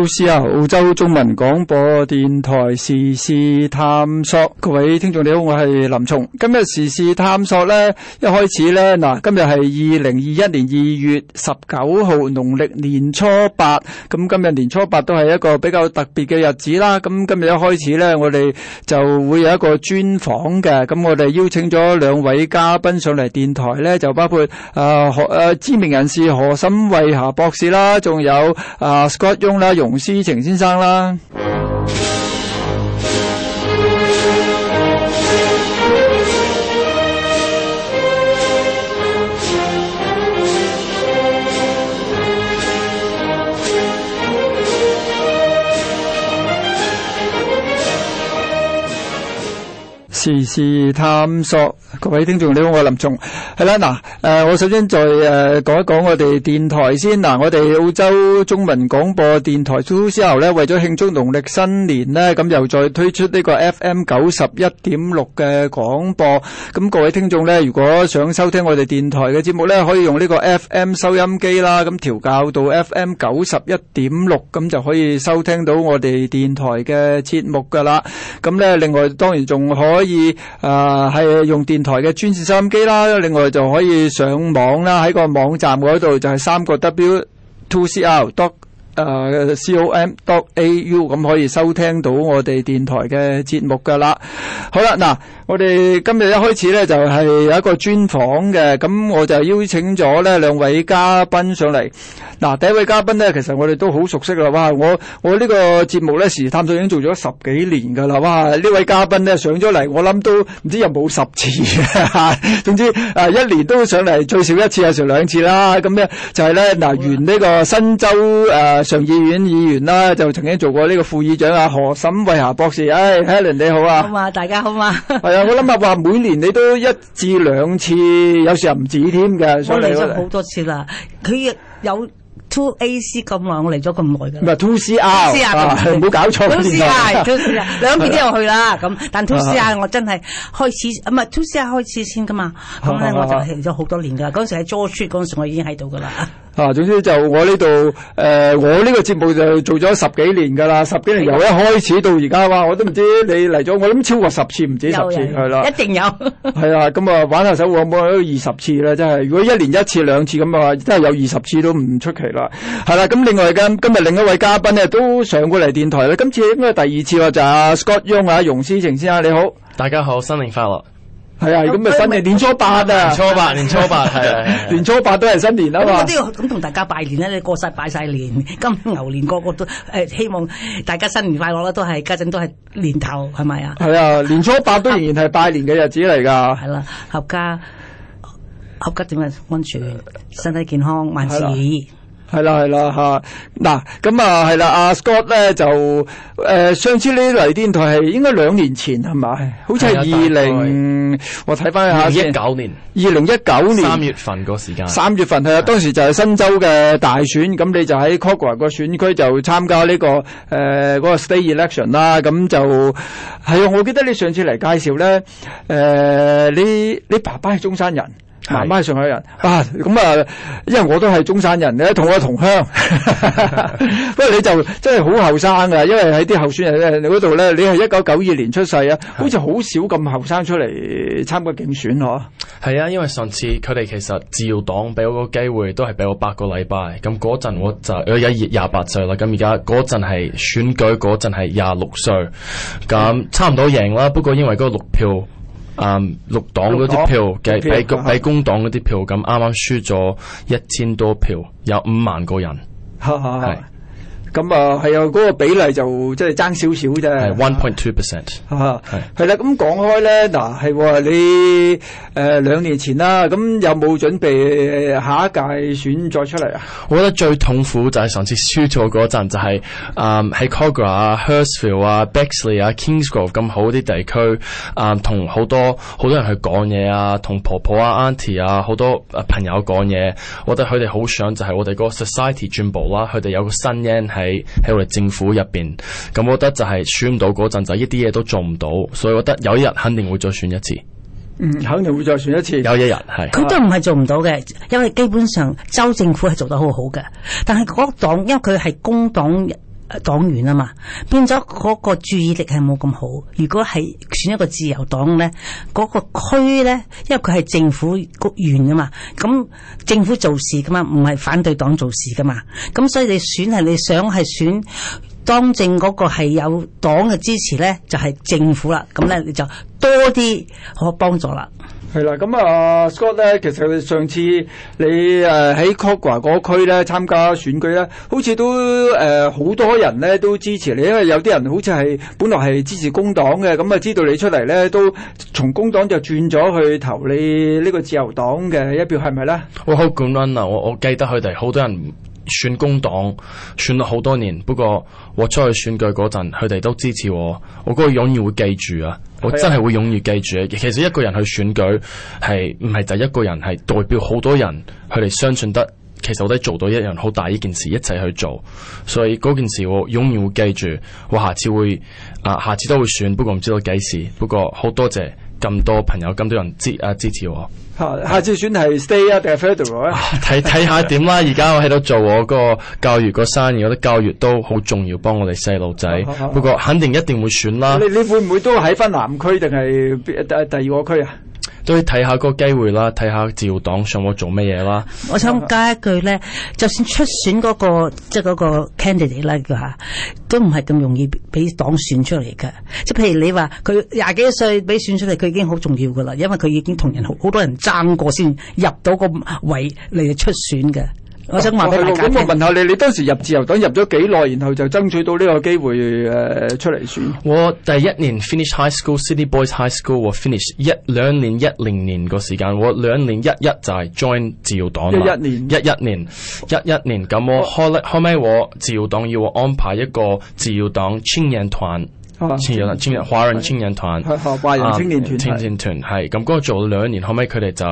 老師啊，澳洲中文廣播電台時事探索，各位聽眾你好，我係林松。今日時事探索咧，一開始咧，嗱，今日係二零二一年二月十九號，農曆年初八。咁今日年初八都係一個比較特別嘅日子啦。咁今日一開始咧，我哋就會有一個專訪嘅。咁我哋邀請咗兩位嘉賓上嚟電台咧，就包括啊、呃、何誒知名人士何沈慧霞博士啦，仲有啊、Scott Yung 啦，容，洪思晴先生啦。 時事探索，各位聽眾你好，我係林松，係啦，嗱，誒，我首先再誒講一講我哋電台先，嗱，我哋澳洲中文廣播電台蘇蘇之後咧，為咗慶祝農曆新年咧，咁又再推出呢個 FM 九十一點六嘅廣播，咁各位聽眾咧，如果想收聽我哋電台嘅節目咧，可以用呢個 FM 收音機啦，咁調校到 FM 九十一點六，咁就可以收聽到我哋電台嘅節目噶啦，咁咧，另外當然仲可以。以啊，係用電台嘅專線收音機啦，另外就可以上網啦，喺個網站嗰度就係三個 W two C L dot 啊 C O M dot A U，咁可以收聽到我哋電台嘅節目噶啦。好啦，嗱。我哋今日一開始咧就係、是、有一個專訪嘅，咁我就邀請咗呢兩位嘉賓上嚟。嗱，第一位嘉賓呢，其實我哋都好熟悉啦。哇，我我呢個節目呢，時事探索已經做咗十幾年㗎啦。哇，呢位嘉賓呢，上咗嚟，我諗都唔知有冇十次啊。 總之啊，一年都上嚟最少一次，有時兩次啦。咁、啊就是、呢，就係呢，嗱，原呢個新州誒、呃、上議院議員啦，就曾經做過呢個副議長啊何沈慧霞博士。唉、哎，Helen 你好啊，好嘛，大家好嘛。啊。 我諗啊，話每年你都一至兩次，有時又唔止添嘅。我嚟咗好多次啦，佢有 Two AC 咁耐，我嚟咗咁耐嘅。唔係 Two CR，Two CR，唔好搞錯。Two CR，Two CR，兩邊之後去啦。咁但 Two CR 我真係開始唔係，Two CR 開始先噶嘛。咁咧我就嚟咗好多年噶啦。嗰時喺 Joachim 嗰時，我已經喺度噶啦。啊，總之就我呢度誒，我呢個節目就做咗十幾年噶啦，十幾年由一開始到而家哇，我都唔知你嚟咗我諗超過十次，唔止十次，係啦人，的一定有，係 啊，咁、嗯、啊玩下手我冇二十次啦，真係如果一年一次兩次咁，啊，真係有二十次都唔出奇啦，係啦，咁另外嘅今日另一位嘉賓咧都上過嚟電台咧，今次應該第二次喎，就阿、是、Scott Yung 啊，容思晴先生你好，大家好，新年快樂。係啊，咁咪新年年初八啊，年初八，年初八係啊，啊 年初八都係新年啦嘛。都要咁同大家拜年啦，啊，你過晒拜晒年，金、嗯、牛年個個都誒、呃，希望大家新年快樂啦，都係家陣都係年頭，係咪啊？係啊，年初八都仍然係拜年嘅日子嚟噶。係啦，合家合家點啊？溫泉，身體健康，萬事係啦，係啦，嚇！嗱，咁啊，係、啊、啦，阿 Scott 咧就誒上次呢嚟電台係應該兩年前係咪？好似係二零，我睇翻下先。二零一九年。二零一九年。三月份嗰時間。三月份係啊，的啊，當時就係新州嘅大選，咁、啊、你就喺 Kogarah 選區就參加呢、呢個誒嗰、啊那個 State Election 啦、啊。咁就係啊，我記得你上次嚟介紹咧，誒、啊、你你，你爸爸係中山人。媽媽係上海人啊，咁啊，因為我都係中山人咧，同我同鄉。 不過你就真係好後生㗎，因為喺啲候選人咧，你嗰度咧，你係一九九二年出世啊，好似好少咁後生出嚟參加競選呵。係啊，啊，因為上次佢哋其實自由黨俾我個機會都，都係俾我八個禮拜。咁嗰陣我就有廿八歲啦。咁而家嗰陣係選舉嗰陣係廿六歲，咁差唔多贏啦。不過因為嗰個六票。Um, 啊，綠黨嗰啲票，比比工黨嗰啲票咁，啱啱輸咗一千多票，有五萬個人。係。咁啊，係啊，嗰個比例就即係爭少少啫。係 One point two percent。係係啦，咁講開咧，嗱係話你誒兩、呃、年前啦，咁、嗯、有冇準備下一屆選再出嚟啊？我覺得最痛苦就係上次輸咗嗰陣，就係啊喺 Cogra、啊 Hurstville 啊、Bexley、嗯、啊、Kingsgrove 咁好啲地區啊，同好多好多人去講嘢啊，同婆婆啊、auntie 啊，好多誒朋友講嘢，我覺得佢哋好想就係我哋個 society 進步啦，佢哋有個新音。喺喺我哋政府入邊，咁我覺得就係選唔到嗰陣，就一啲嘢都做唔到，所以我覺得有一日肯定會再選一次。嗯，肯定會再選一次，有一日，係。佢都唔係做唔到嘅，因為基本上州政府係做得好好嘅，但係嗰黨因為佢係工黨。黨員啊嘛，變咗嗰個注意力係冇咁好。如果係選一個自由黨呢，嗰個區呢，因為佢係政府局員噶嘛，咁政府做事噶嘛，唔係反對黨做事噶嘛，咁所以你選係你想係選當政嗰個係有黨嘅支持呢，就係政府啦。咁呢，你就多啲可幫助啦。係啦，咁啊，Scott 咧，其實上次你誒喺，呃、Kogarah 嗰區咧參加選舉咧，好似都誒好，呃、多人咧都支持你，因為有啲人好似係本來係支持工黨嘅，咁，嗯、啊知道你出嚟咧都從工黨就轉咗去投你呢個自由黨嘅一票，係咪咧？我好感恩啊！我我記得佢哋好多人選工黨選咗好多年，不過我出去選舉嗰陣，佢哋都支持我，我嗰個永遠會記住啊！我真係會永遠記住，其實一個人去選舉係唔係第一個人，係代表好多人，佢哋相信得，其實我都做到一樣好大呢件事，一齊去做，所以嗰件事我永遠會記住，我下次會啊，下次都會選，不過唔知道幾時，不過好多謝。咁多朋友，咁多人支啊支持我。下次選係 stay 啊定係 federal 睇、啊、睇下點、啊、啦。而家 我喺度做我個教育個生意，我覺得教育都好重要幫，幫我哋細路仔。不過肯定一定會選啦。 你你會唔會都喺翻南區定係第第二個區啊？都要睇下個機會啦，睇下自由黨上網做乜嘢啦。我想加一句咧，就算出選嗰、那個即係嗰個 candidate 咧，嚇都唔係咁容易俾黨選出嚟嘅。即、就、係、是、譬如你話佢廿幾歲俾選出嚟，佢已經好重要噶啦，因為佢已經同人好好多人爭過先入到個位嚟出選嘅。我想話俾大家聽、哦、我問下你,你當時入自由黨入咗幾耐，然後就爭取到呢個機會誒、呃、出嚟選？我第一年 finish high school，City Boys High School，我 finish 一兩年一零年個時間，我兩年一一就係 join 自由黨一,一一年，一一年，一一年。咁我 call call 埋我自由黨要安排一個自由黨青年團。千人千人華人青年團、啊，青年團係咁嗰個做咗兩年，後尾佢哋就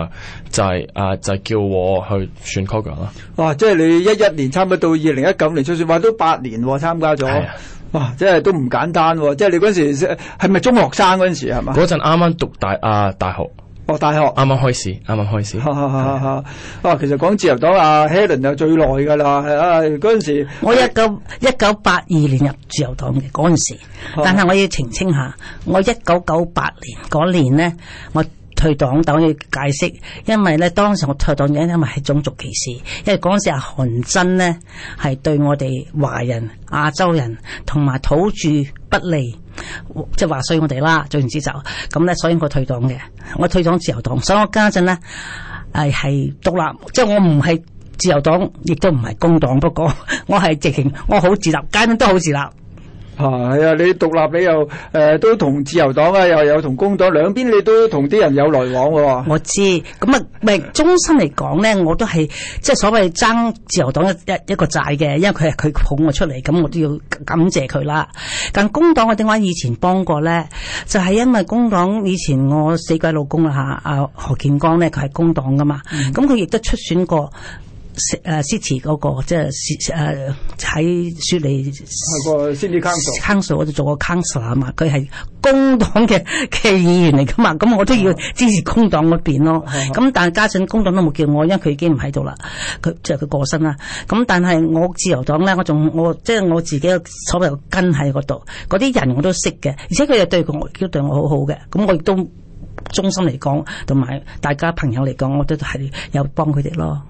就係啊就叫我去選 Kogarah 咯。哇！即係你一一年差唔多到二零一九年出選，就算話都八年參、哦、加咗。啊、哇！即係都唔簡單、哦。即係你嗰時係咪中學生嗰陣時係嘛？嗰陣啱啱讀大啊大學。學、哦、大學啱啱開始，啱啱開始。 啊，啊，其實講自由黨啊，Helen 就最耐㗎喇。係啊，嗰陣、啊、時我一九一九八二年入自由黨嘅，嗰陣時。但係我要澄清下，我一九九八年嗰年呢，我退黨。等我解釋，因為呢當時我退黨，因為係種族歧視，因為嗰陣時啊韓真呢，係對我哋華人、亞洲人同埋土著不利。即係話衰我哋啦，最然之就咁咧，所以我退黨嘅，我退咗自由黨，所以我家陣咧係係獨立，即係我唔係自由黨，亦都唔係工黨，不過 我係直情我好自立，家陣都好自立。啊，係啊！你獨立你又誒、呃、都同自由黨啊，又有同工黨兩邊，你都同啲人有來往喎。我知，咁啊，唔係，終身嚟講咧，我都係即係所謂爭自由黨一一,一,一個債嘅，因為佢係佢捧我出嚟，咁我都要感謝佢啦。但工黨我點解以前幫過咧，就係、是、因為工黨以前我死鬼老公啦嚇，阿、啊、何建光咧，佢係工黨噶嘛，咁佢亦都出選過。誒 City 嗰個，即係誒喺雪梨。係個 City Council。Council，我就做個 Council 啊嘛，佢係工黨嘅嘅議員嚟噶嘛，咁我都要支持工黨嗰邊咯。咁 但係家陣工黨都冇叫我，因為佢已經唔喺度啦，佢即係佢過身啦。咁但係我自由黨咧，我仲我即係、就是、我自己嘅所謂根喺嗰度，嗰啲人我都識嘅，而且佢又對我都對我好好嘅，咁我亦都衷心嚟講，同埋大家朋友嚟講，我都係有幫佢哋咯。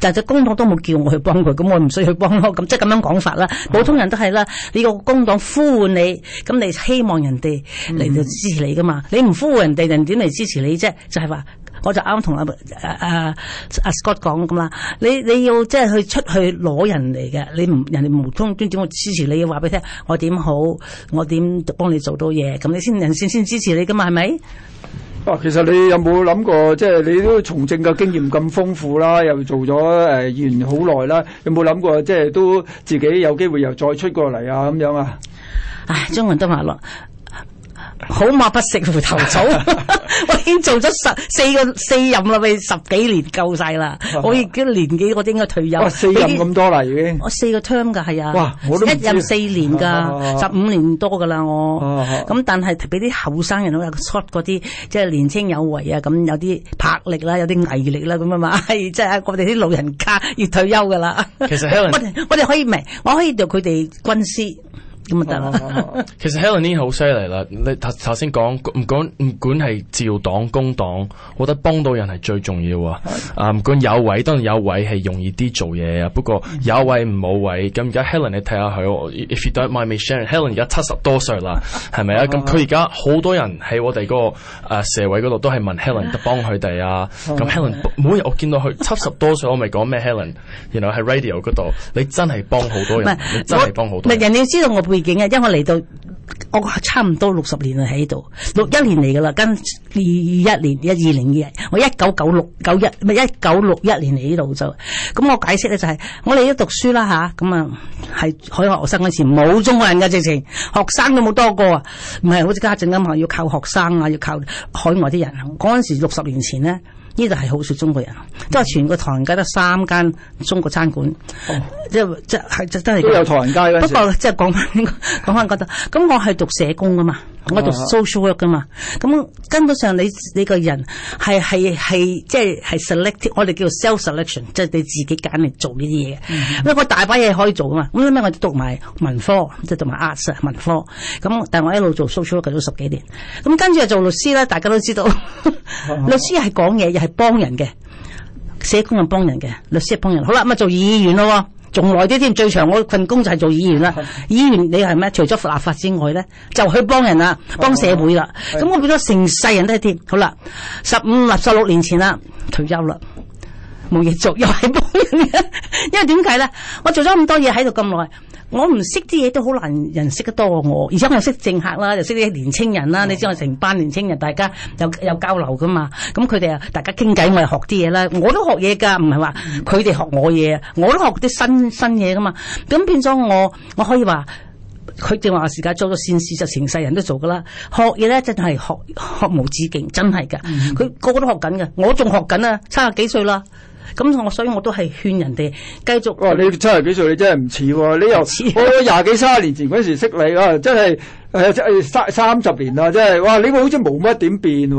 但只工黨都冇叫我去幫佢，咁我唔需要去幫咯。咁即係咁樣講法啦。普通人都係啦。你個工黨呼喚你，咁你希望人哋嚟到支持你噶嘛？你唔呼喚人哋，人點嚟支持你啫？就係話，我就啱同阿阿阿 Scott 講咁啦。你你要即係去出去攞人嚟嘅。你唔人哋無通端點會支持你？話俾你聽，我點好？我點幫你做到嘢？咁你先人先先支持你噶嘛？係咪？啊，其實你有冇諗過，即係你都從政嘅經驗咁豐富啦，又做咗誒、呃、議員好耐啦，有冇諗過即係都自己有機會又再出過嚟啊咁樣啊？唉、啊，張雲都話咯。好馬不食回頭草， 我已經做咗十四個四任啦，咪十幾年夠晒啦，我而家年紀我應該退休，四任咁多啦已經，我四個 term 噶係啊，哇，我都唔知一任四,四年噶，十五、啊啊、年多噶啦我，咁、啊啊、但係俾啲後生人啊，show 嗰啲即係年青有為有有啊，咁有啲魄力啦，有啲毅力啦咁啊嘛，即係我哋啲老人家要退休噶啦，其實我哋我哋可以咪，我可以做佢哋軍師。咁咪得啦！ 其實 Helen 已經好犀利啦，你頭頭先講唔講唔管係自由黨、工黨，我覺得幫到人係最重要是啊！啊，唔管有位當然有位係容易啲做嘢啊，不過有位唔冇位。咁而家 Helen 你睇下佢，If you don't mind me sharing，Helen 而家七十多歲啦，係咪好啊？咁佢而家好多人喺我哋個誒社委嗰度都係問 Helen，幫佢哋啊。咁 Helen 好每日我見到佢七十多歲，我咪講咩 Helen？原來 you know, 喺 radio 嗰度，你真係幫好多人，我你真係幫好多人。我你人知道我。背景、就是、啊，因為我嚟到我差唔多六十年啦喺度，六一年嚟噶啦，跟二一年一二零二，我一九九六九一咪一九六一年嚟呢度就，咁我解釋咧就係我嚟咗讀書啦吓，咁啊係海外學生嗰時冇中國人噶直情，學生都冇多過啊，唔係好似家陣咁要靠學生啊，要靠海外啲人，嗰陣時六十年前咧。呢度係好少中國人，即係全個唐人街得三間中國餐館，即係即係即係都有唐人街嗰陣時。不過即係講返講返嗰度，咁，嗯，我係讀社工啊嘛。我讀 social work 噶嘛，咁根本上你你個人係係係即係係 select 我哋叫 self selection，即係你自己揀嚟做呢啲嘢嘅。不過、嗯、大把嘢可以做噶嘛，咁所咩我讀埋文科，即係讀埋 art 文科。咁但係我一路做 social work 咗十幾年，咁跟住又做律師啦，大家都知道，嗯、 律師係講嘢，又係幫人嘅，社工又幫人嘅，律師係幫人。好啦，咪做議員咯。仲耐啲添，最長我份工就係做議員啦。的議員你係咩？除咗立法之外咧，就去幫人啦，的幫社會啦。咁的我變咗成世人都係添。好啦，十五啊十六年前啦，退休啦，冇嘢做，又係幫，因為點解咧？我做咗咁多嘢喺度咁耐。我唔識啲嘢都好難人認識得多過我，而且我又識政客啦，又識啲年青人啦。你知我成班年青人大家有有交流噶嘛？咁佢哋啊，大家傾偈，我又學啲嘢啦。我都學嘢㗎，唔係話佢哋學我嘢，我都學啲新新嘢噶嘛。咁變咗我，我可以話佢哋話時間做咗善事就成世人都做㗎啦。學嘢咧，真係學學無止境，真係㗎。佢、嗯嗯、個個都學緊㗎，我仲學緊啊，七十幾歲啦。咁我所以我都係勸人哋繼續。哇、哦！你七十幾歲，你真係唔似喎，你又似我廿幾卅年前嗰陣時識你啊，真係。誒，即三三十年啦，真係哇！你個好似冇乜點變，點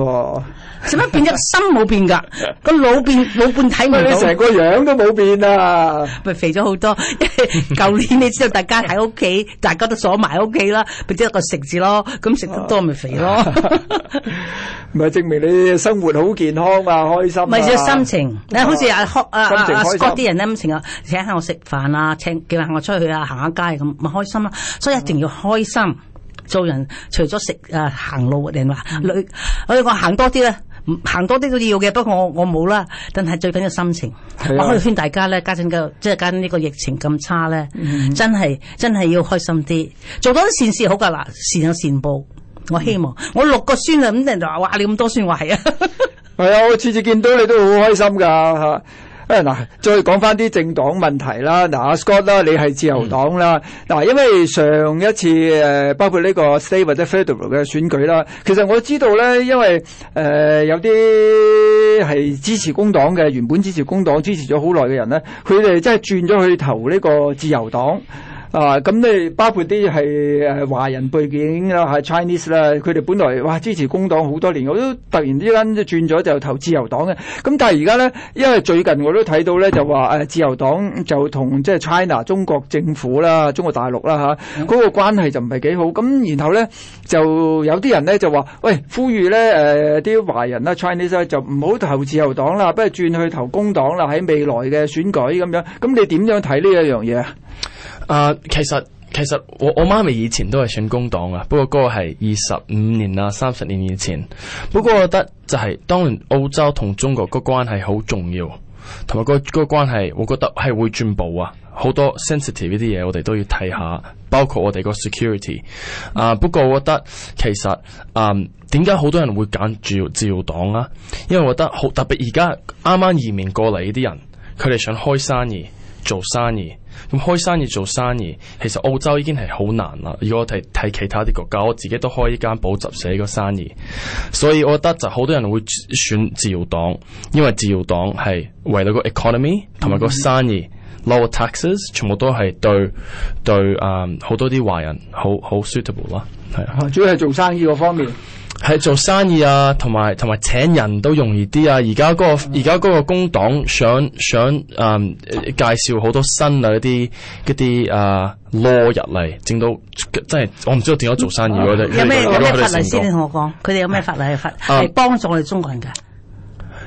解變咗心冇變噶，個腦變老半睇唔到，成個樣都冇變啊！咪肥咗好多，因為舊年你知道大家喺屋企，大家都鎖埋屋企啦，變咗個食字咯，咁食得多咪肥咯，咪證明你生活好健康啊，開心咪要心情，好似阿阿阿哥啲人咧，成日請下我食飯啊，請叫下我出去啊，行下街咁，咪開心咯，所以一定要開心。做人除咗食啊行路定話，嗯、我以我行多啲咧，行多啲都要嘅。不過我我冇啦，但係最緊要心情。啊、我可以勸大家咧，家陣嘅即係家陣呢個疫情咁差咧、嗯，真係真係要開心啲，做多啲善事好噶啦，善有善報。我希望、嗯、我六個孫啊，咁人就話哇你咁多孫，話係啊，係啊，我次次見到你都好開心噶吓。啊誒，嗱、啊，再講翻啲政黨問題啦。嗱、啊、Scott 啦，你係自由黨啦。嗱、嗯啊，因為上一次誒、呃，包括呢個 State 或者 Federal 嘅選舉啦，其實我知道咧，因為誒、呃、有啲係支持工黨嘅，原本支持工黨支持咗好耐嘅人咧，佢哋真係轉咗去投呢個自由黨。啊，咁你包括啲係誒華人背景啦，係、啊、Chinese 啦，佢哋本來哇支持工黨好多年，我都突然之間都轉咗就投自由黨嘅。咁但係而家呢，因為最近我都睇到呢，就話誒自由黨就同即係 China 中國政府啦、中國大陸啦嚇嗰、啊嗯、個關係就唔係幾好。咁然後呢，就有啲人呢就話，喂，呼籲呢誒啲、呃、華人啦、Chinese 啦就唔好投自由黨啦，不如轉去投工黨啦。喺未來嘅選舉咁樣，咁你點樣睇呢一樣嘢啊？啊、uh，其實其實我我媽咪以前都係選工黨啊，不過嗰個係二十五年啊，三十年以前。不過我覺得就係、是、當然澳洲同中國個關係好重要，同埋個個關係，我覺得係會進步啊。好多 sensitive 呢啲嘢，我哋都要睇下，包括我哋個 security。啊，不過我覺得其實啊，點解好多人會揀自由黨啦？因為我覺得好特別，而家啱啱移民過嚟呢啲人，佢哋想開生意，做生意。咁開生意做生意，其實澳洲已經係好難啦。如果我睇睇其他啲國家，我自己都開依間補習社個生意，所以我覺得就好多人會選自由黨，因為自由黨係為到個 economy 同埋個生意，嗯、lower taxes，全部都係對對誒好、um, 多啲華人好好 suitable 啦。係啊，主要係做生意嗰方面。係做生意啊，同埋同埋請人都容易啲啊！而家嗰個而家個工黨想想誒、呃，介紹好多新啊啲嗰啲啊 law 入嚟，整到真係我唔知道點樣做生意。啊、以有咩有咩法例先你同我講？佢哋有咩法例係法係幫助我哋中國人嘅？啊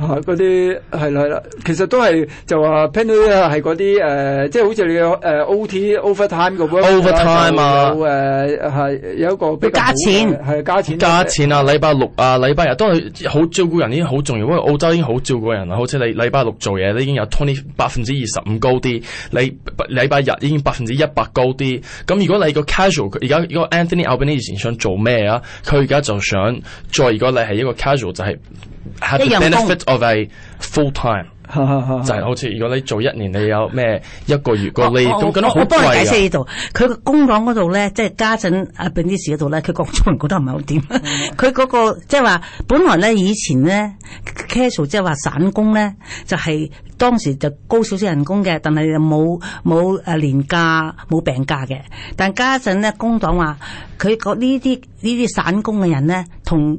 嗰啲係啦，係啦，其實都係就話 penalty 咧嗰啲誒，即係好似你誒 OT overtime 嘅 work 啊，有誒係有一個比較加錢，係加錢、就是、加錢啊！禮拜六啊，禮拜日都係好照顧人，已經好重要，因為澳洲已經好照顧人啦。好似你禮拜六做嘢，你已經有 twenty 百分之二十五高啲，你禮拜日已經百分之一百高啲。咁如果你個 casual 而家呢個 Anthony Albanese 以前想做咩啊？佢而家就想再，如果你係一個 casual 就係有 benefit 我係 full time， 就係好似如果你做一年，你有咩一個月個 你都覺得好呢度，佢個工黨嗰度咧，即係家陣阿 Albanese 嗰度咧，佢廣州人覺得唔係好掂。佢嗰個即係話，就是、本來咧以前咧 casual 即係話散工咧，就係、是、當時就高少少人工嘅，但係又冇冇誒年假、冇病假嘅。但家陣咧工黨話，佢講呢啲呢啲散工嘅人咧，同。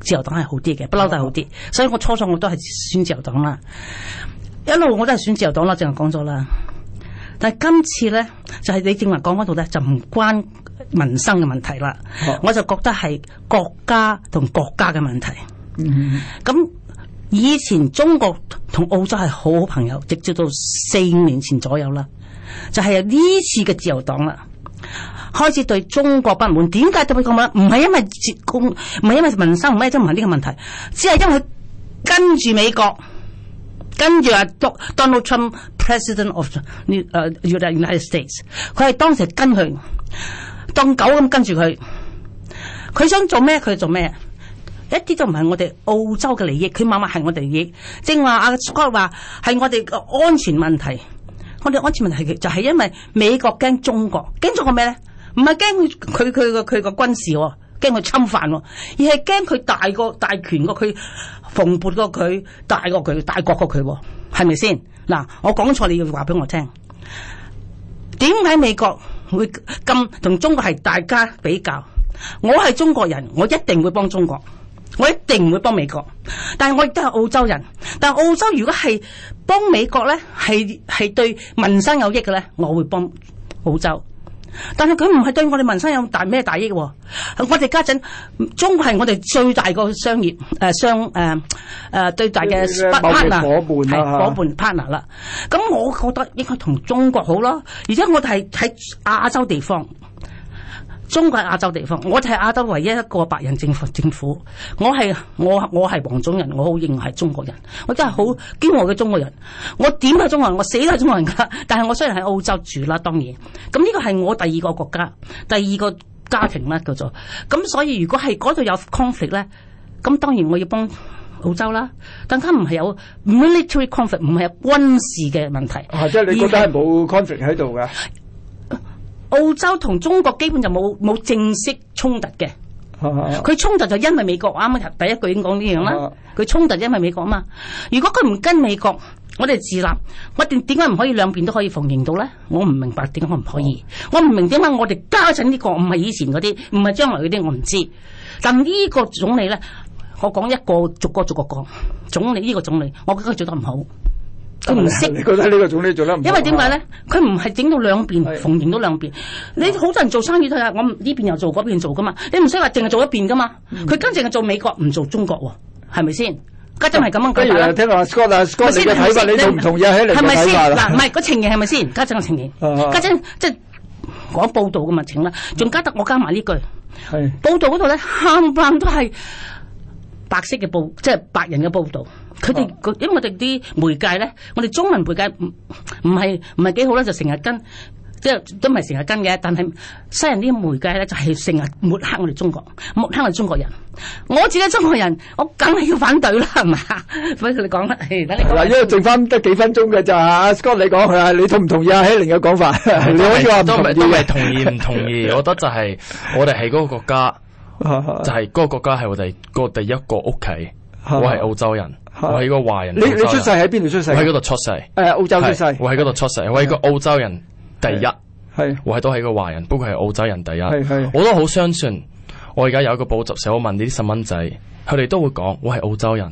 自由黨係好啲嘅，不嬲都係好啲，所以我初初我都係選自由黨啦，一路我都係選自由黨啦，正如我講咗啦。但係今次咧，就係、是、你正話講嗰度咧，就唔關民生嘅問題啦，oh. 我就覺得係國家同國家嘅問題。咁、mm hmm. 以前中國同澳洲係好好朋友，直至到四五年前左右啦，就係、是、有呢次嘅自由黨啦。開始對中國不滿，點解對佢咁樣？唔係因為節共，唔係因為民生，咩都唔係呢個問題，只係因為佢跟住美國，跟住阿 Donald Trump President of 呢誒 United States，佢係當時跟佢，當狗咁跟住佢，佢想做咩佢做咩，一啲都唔係我哋澳洲嘅利益，佢麻麻係我哋利益。正話阿 Scott 話係我哋嘅安全問題，我哋安全問題就係因為美國驚中國，驚咗個咩咧？唔係驚佢佢佢佢個軍事喎、哦，驚佢侵犯喎、哦，而係驚佢大過大權過佢，蓬勃過佢大過佢大國過佢、哦，係咪先？嗱，我講錯你要話俾我聽，點解美國會咁同中國係大家比較？我係中國人，我一定會幫中國，我一定唔會幫美國。但係我亦都係澳洲人，但係澳洲如果係幫美國咧，係係對民生有益嘅咧，我會幫澳洲。但係佢唔係對我哋民生有大咩大益、啊，我哋家陣中國係我哋最大個商業誒、啊、商誒誒、啊啊、對大嘅 partner 係夥伴 partner 啦。咁、啊嗯、我覺得應該同中國好咯，而且我哋係喺亞洲地方。中國係亞洲地方，我就係亞洲唯一一個白人政府政府。我係我我係黃種人，我好認為係中國人，我真係好驕傲嘅中國人。我點係中國人，我死都係中國人㗎。但係我雖然喺澳洲住啦，當然咁呢個係我第二個國家，第二個家庭啦，叫做。咁所以如果係嗰度有 conflict 咧，咁當然我要幫澳洲啦。但係唔係有 military conflict，唔係軍事嘅問題。啊、哦，即係是你覺得係冇 conflict 喺度㗎。澳洲同中國基本就冇冇正式衝突嘅，佢衝突，啊，就因為美國啱啱第一句已經講呢樣啦，佢衝突，啊，就因為美國啊嘛。如果佢唔跟美國，我哋自立，我哋點解唔可以兩邊都可以逢迎到咧？我唔明白點解唔可以，我唔明點解我哋加陣呢個唔係以前嗰啲，唔係將來嗰啲，我唔知。但呢個總理咧，我講一個逐個逐個講總理呢、這個總理，我覺得佢做得唔好。佢唔識，你覺得呢個總理做得唔好啊？因為點解咧？佢唔係整到兩邊，逢迎到兩邊。你好多人做生意都係，我呢邊又做，嗰邊做噶嘛？你唔使話淨係做一邊噶嘛？佢今淨係做美國，唔做中國喎，係咪先？家陣係咁樣講啦。不如聽下 Scott，Scott，你嘅睇法，你唔同意起嚟嘅睇法啦。嗱，唔係個情形係咪先？家陣嘅情形。家陣即係講報道嘅嘛？請啦，仲加得我加埋呢句。報道嗰度咧，冚唪唥都係。白色嘅報，即係白人嘅報道，佢哋，哦、因為我哋啲媒介咧，我哋中文媒介唔唔係唔係幾好咧，就成日跟，即係都唔係成日跟嘅，但係西人啲媒介咧就係成日抹黑我哋中國，抹黑我哋中國人，我自己係中國人，我梗係要反對啦，係嘛？所以你講啦，嗱，啊、因為剩翻得幾分鐘嘅咋。阿 Scott 你講啊，你同唔同意阿希玲嘅講法？ 是你可以話唔同意，同意唔同意？我覺得就係我哋係嗰個國家。 就係嗰個國家係我哋嗰第一個屋企，我係澳洲人，我係一個華人。 人你你出世喺邊度出世？我喺嗰度出世。誒， 澳洲出世。我喺嗰度出世， 我係個澳洲人第一。係， 我係都係個華人，不過係澳洲人第一。係係。 我都好相信，我而家有一個補習社，我問呢啲細蚊仔，佢哋都會講我係澳洲人。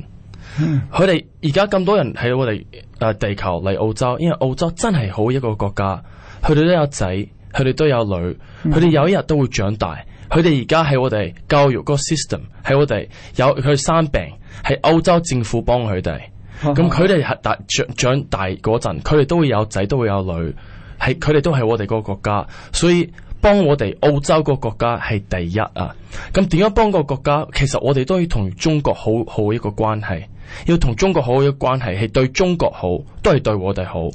佢哋而家咁多人喺我哋誒地球嚟澳洲，因為澳洲真係好一個國家，佢哋都有仔，佢哋都有女，佢哋有，有一日都會長大。佢哋而家喺我哋教育個 system，喺我哋有佢生病，係澳洲政府幫佢哋。咁佢哋係大長長大嗰陣，佢哋都會有仔，都會有女，係佢哋都係我哋個國家，所以幫我哋澳洲個國家係第一啊。咁點樣幫個國家？其實我哋都要同中國好好一個關係，要同中國好好嘅關係，係對中國好，都係對我哋好。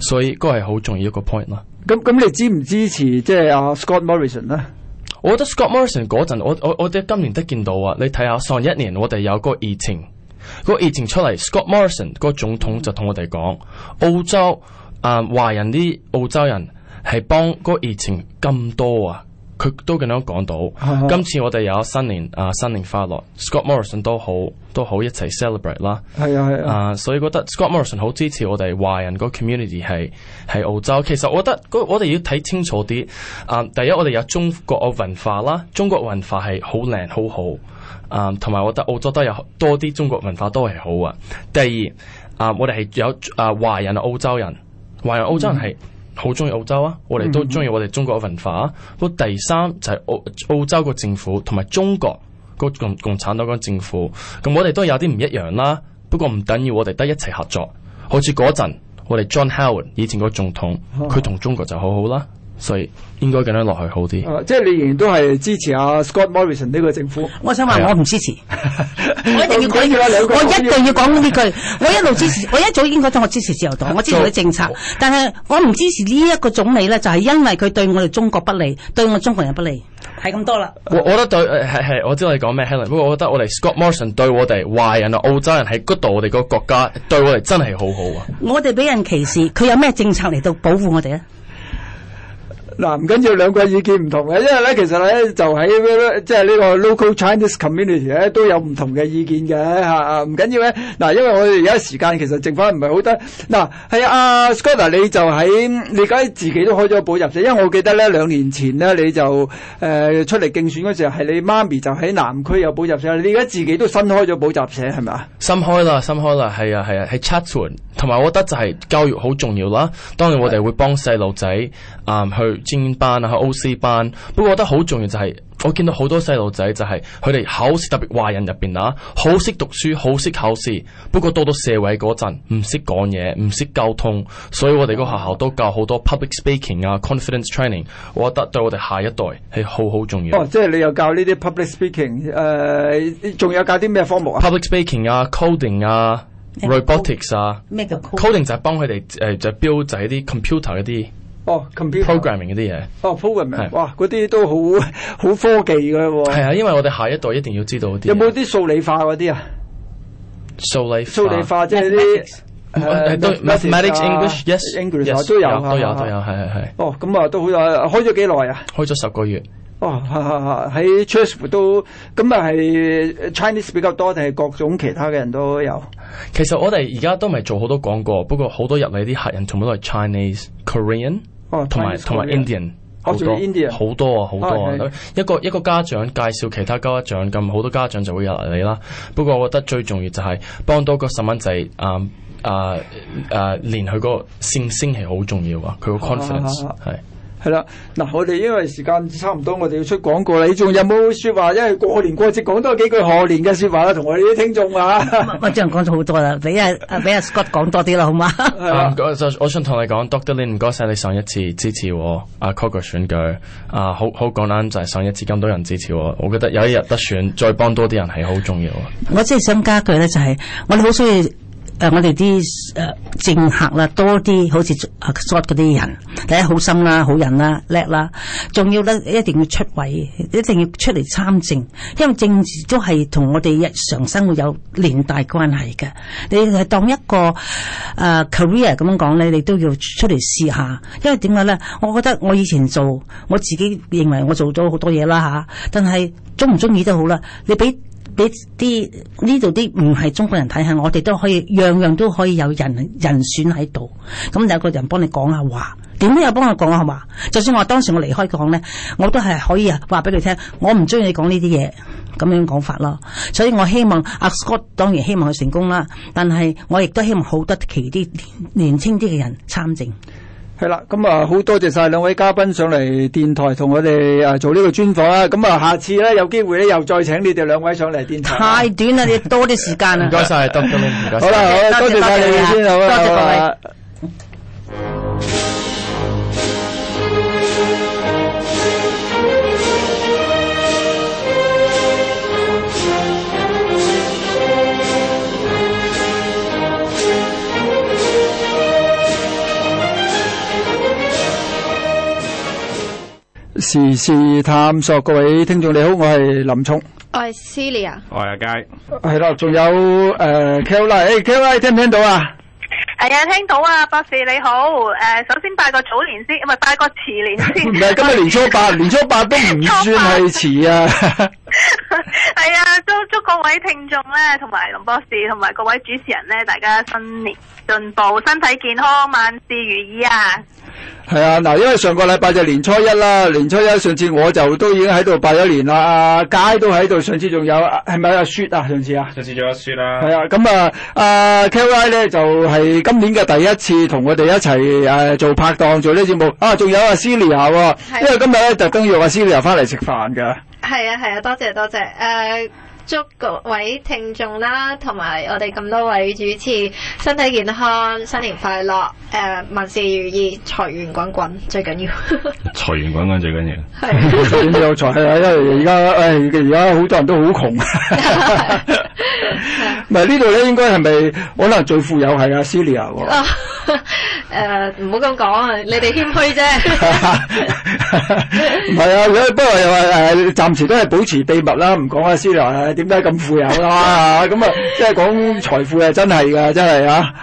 所以個係好重要一個 point 啦。咁咁， 你支唔支持即係阿 Scott Morrison 咧？我覺得 Scott Morrison 嗰陣，我我我哋今年都見到啊！你睇下上一年我哋有個疫情，個疫情出嚟，Scott Morrison 個總統就同我哋講，澳洲啊、嗯、華人啲澳洲人係幫個疫情咁多啊！佢都咁樣講到， 今次我哋有新年啊，新年快樂，Scott Morrison 都好都好一齊 celebrate 啦，係啊係啊， uh, 所以覺得 Scott Morrison 好支持我哋華人個 community 係係澳洲。其實我覺得我我哋要睇清楚啲啊，第一我哋有中國嘅文化啦，中國文化係好靚好好啊，同埋我覺得澳洲都有多啲中國文化都係好啊。第二啊，我哋係有啊華人澳洲人，華人澳洲人係。嗯好中意澳洲啊！我哋都中意我哋中國嘅文化、啊國不啊。到第三就係澳澳洲個政府同埋中國個共共產黨個政府，咁我哋都有啲唔一樣啦。不過唔等於我哋得一齊合作。好似嗰陣我哋 John Howard 以前個總統，佢同中國就好好、啊、啦。所以應該咁樣落去好啲，啊。即係你仍然都係支持阿，啊、Scott Morrison 呢個政府。我想話我唔支持， 我一定要講呢句，我一定要講呢句。 我一路支持， 我一早已經覺得我支持自由黨，我支持啲政策。 但係我唔支持呢一個總理咧，就係、是、因為佢對我哋中國不利，對我中國人不利，係咁多啦。我我覺得對係係，我知道你講咩 Helen，不過我覺得我哋 Scott Morrison 對我哋華人啊，澳洲人喺嗰度，我哋個國家對我哋真係好好啊。 我哋俾人歧視，佢有咩政策嚟到保護我哋啊？嗱唔、啊、緊要，兩個意見唔同嘅，因為咧其實咧就喺即係呢個 local Chinese community 咧都有唔同嘅意見嘅嚇，唔、啊、緊要嘅。嗱、啊，因為我哋而家時間其實剩翻唔係好得。嗱，係啊，啊 Scott，你就喺你而家自己都開咗補習社，因為我記得咧兩年前咧你就誒、呃、出嚟競選嗰時候，係你媽咪就喺南區有補習社，你而家自己都新開咗補習社係咪啊？新開啦，新開啦，係啊係啊，喺 Chatswood，同埋我覺得就係教育好重要啦。當然我哋會幫細路仔啊去。尖班啊，喺 O C 班。不過我覺得好重要就係，我見到好多細路仔就係佢哋考試特別華人入邊啊，好識讀書，好識考試。不過到到社委嗰陣唔識講嘢，唔識溝通，所以我哋個學校都教好多 public speaking 啊，confidence training。我覺得對我哋下一代係好好重要。哦，即係你又教呢啲 public speaking？誒、呃，仲有教啲咩科目啊？public speaking 啊，coding 啊，robotics 啊。咩叫 coding？就係幫佢哋誒，就係 build 就係啲 computer 嗰啲。哦，computer programming 嗰啲嘢，哦 programming，哇嗰啲都好好科技嘅喎。係啊，因為我哋下一代一定要知道啲嘢。有冇啲數理化嗰啲啊？數理數理化即係啲 mathematics English yes English 都有都有都有係係係。哦，咁啊都好開咗幾耐啊？開咗十個月。哦，喺 trust 都咁啊係 Chinese 比較多，定係各種其他嘅人都有？其實我哋而家都未做好多廣告，不過好多入嚟啲客人全部都係 Chinese、Korean。同埋同埋 Indian 好多好多啊好多啊，啊一個是是一個家長介紹其他家長咁，好多家長就會入嚟啦。不過我覺得最重要就係幫到個細蚊仔啊啊啊，連佢個信心係好重要啊，佢個 confidence 係，啊。啊啊係啦，嗱，我哋因為時間差唔多，我哋要出廣告啦。你仲有冇說話？因為過年過節講多幾句賀年嘅說話啦，同我哋啲聽眾啊。我真係講咗好多啦，俾阿俾阿 Scott 講多啲啦，好嘛、嗯？ 我想同你講，Doctor，唔該晒你上一次支持我阿 CoG 嘅選舉啊，好好講啦，就係上一次咁多人支持我，我覺得有一日得選，再幫多啲人係好重要 我、就是。我即係想加句咧，就係我哋好需要。誒，uh, 我哋啲誒政客啦，多啲好似阿 Scott 嗰啲人，第一好心啦，好人啦，叻啦，仲要咧一定要出位，一定要出嚟參政，因為政治都係同我哋日常生活有連帶關係嘅。你係當一個誒、uh, career 咁樣講咧，你都要出嚟試下，因為點解咧？我覺得我以前做，我自己認為我做咗好多嘢啦吓，但係鍾唔鍾意都好啦，你俾。啲啲呢度啲唔係中國人睇下，我哋都可以樣樣都可以有人人選喺度，咁有個人幫你講下話，點都有幫我講下話。就算我當時我離開講咧，我都係可以話俾佢聽，我唔中意你講呢啲嘢，咁樣講法咯。所以我希望阿、啊、Scott 當然希望佢成功啦，但係我亦都希望好多其啲年輕啲嘅人參政。係啦，咁啊，好多謝晒兩位嘉賓上嚟電台同我哋啊做呢個專訪啦。咁啊，下次咧有機會咧又再請你哋兩位上嚟電台。太短啦，你多啲時間啦。唔該晒，得咁唔該。好啦，多謝，多謝，多謝好好好你哋先，好多謝各位時事探索，各位聽眾你好，我係林聰，我係 Celia 啊，我係阿佳，係啦，仲 有誒 Kelly，Kelly、呃欸、聽唔聽到啊？係啊，聽到啊，博士你好，誒、呃，首先拜個早年先，唔係拜個遲年先。唔係 今日年初八， 年初八都唔算係遲啊。 係 啊，祝祝各位聽眾咧、啊，同埋林博士，同埋各位主持人咧、啊，大家新年進步，身體健康，萬事如意啊！係啊，嗱，因為上個禮拜就年初一啦，年初一上次我就都已經喺度拜咗年啦，阿佳、啊、都喺度，上次仲有係咪阿雪啊，上次啊，上次仲阿、啊、雪啦，係啊，咁啊，啊，啊 K Y 咧就係、是、今年嘅第一次同我哋一齊誒、啊、做拍檔做呢節目啊，仲有阿 Silly 下因為今日咧特登約阿 Silly 又翻嚟食飯噶。係啊係啊，多謝多謝，誒、呃，祝各位聽眾啦，同埋我哋咁多位主持身體健康，新年快樂，誒、呃，萬事如意，財源滾滾，最緊要，財 源滾滾最緊要，先有財，因為而家誒，而家好多人都好窮。唔咪呢度咧， 應該係咪可能最富有係阿 Silia？哦，誒、 呃，唔好咁講啊，你哋謙虛啫。唔係啊，不過又話誒，暫時都係保持秘密啦，唔講阿 Silia 誒，點解咁富有啦？咁啊，即係講財富啊，真係噶，真係啊。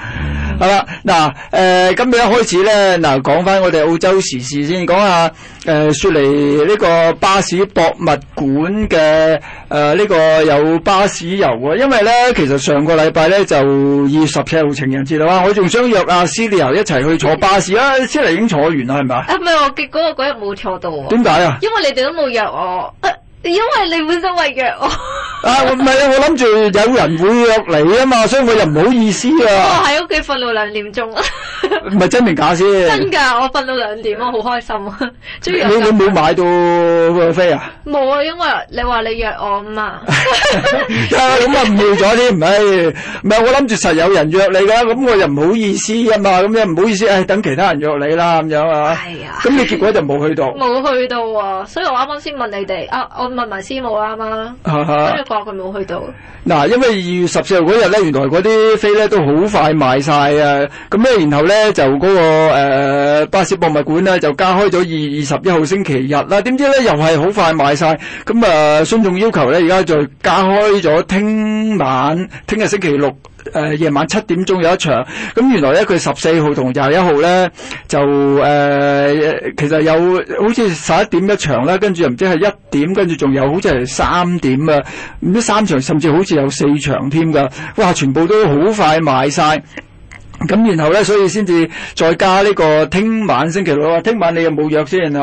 係啦，嗱，誒、呃，今日一開始咧，嗱，講翻我哋澳洲時事先，講下誒、呃、雪梨呢個巴士博物館嘅誒呢個有巴士遊啊，因為咧其實上個禮拜咧就二十四號情人節啦，我仲想約阿 Celia 一齊去坐巴士啊，Celia 已經坐完啦，係咪啊？啊，唔係我結果嗰日冇坐到喎。點解啊？因為你哋都冇約我。啊因為你本身會約我，啊，唔係，我諗住有人會約你啊嘛，所以我又唔好意思啊。喺屋企瞓到兩點鐘啊！唔係真定假先？真噶，我瞓到兩點，我好開心啊！中意。你冇冇買到飛啊？冇啊，因為你話你約我啊嘛。啊，咁又唔妙咗添，唔係？唔係我諗住實有人約你噶，咁我又唔好意思啊嘛，咁樣唔好意思，誒，等其他人約你啦，咁樣啊。係啊。咁你結果就冇去到。冇去到啊，所以我啱啱先問你哋啊，我。問埋師母啦、啊、嘛、啊啊，因為國佢冇去到。嗱，因為二月十四號嗰日咧，原來嗰啲飛咧都好快賣晒啊。咁、啊、咧，然後咧就嗰、那個、呃、巴士博物館咧就加開咗二二十一號星期日啦。點知咧又係好快賣晒。咁啊，順眾要求咧，而家再加開咗聽晚、聽日星期六，誒夜、呃、晚七點鐘有一場，咁、嗯、原來咧佢十四號同廿一號咧就誒、呃，其實有好似十一點一場啦，跟住又唔知係一點，跟住仲有好似係三點啊，咁啲三場甚至好似有四場添㗎，哇！全部都好快買晒。咁、嗯、然後咧，所以先至再加呢個聽晚星期六啊，聽晚你有冇約先嚇？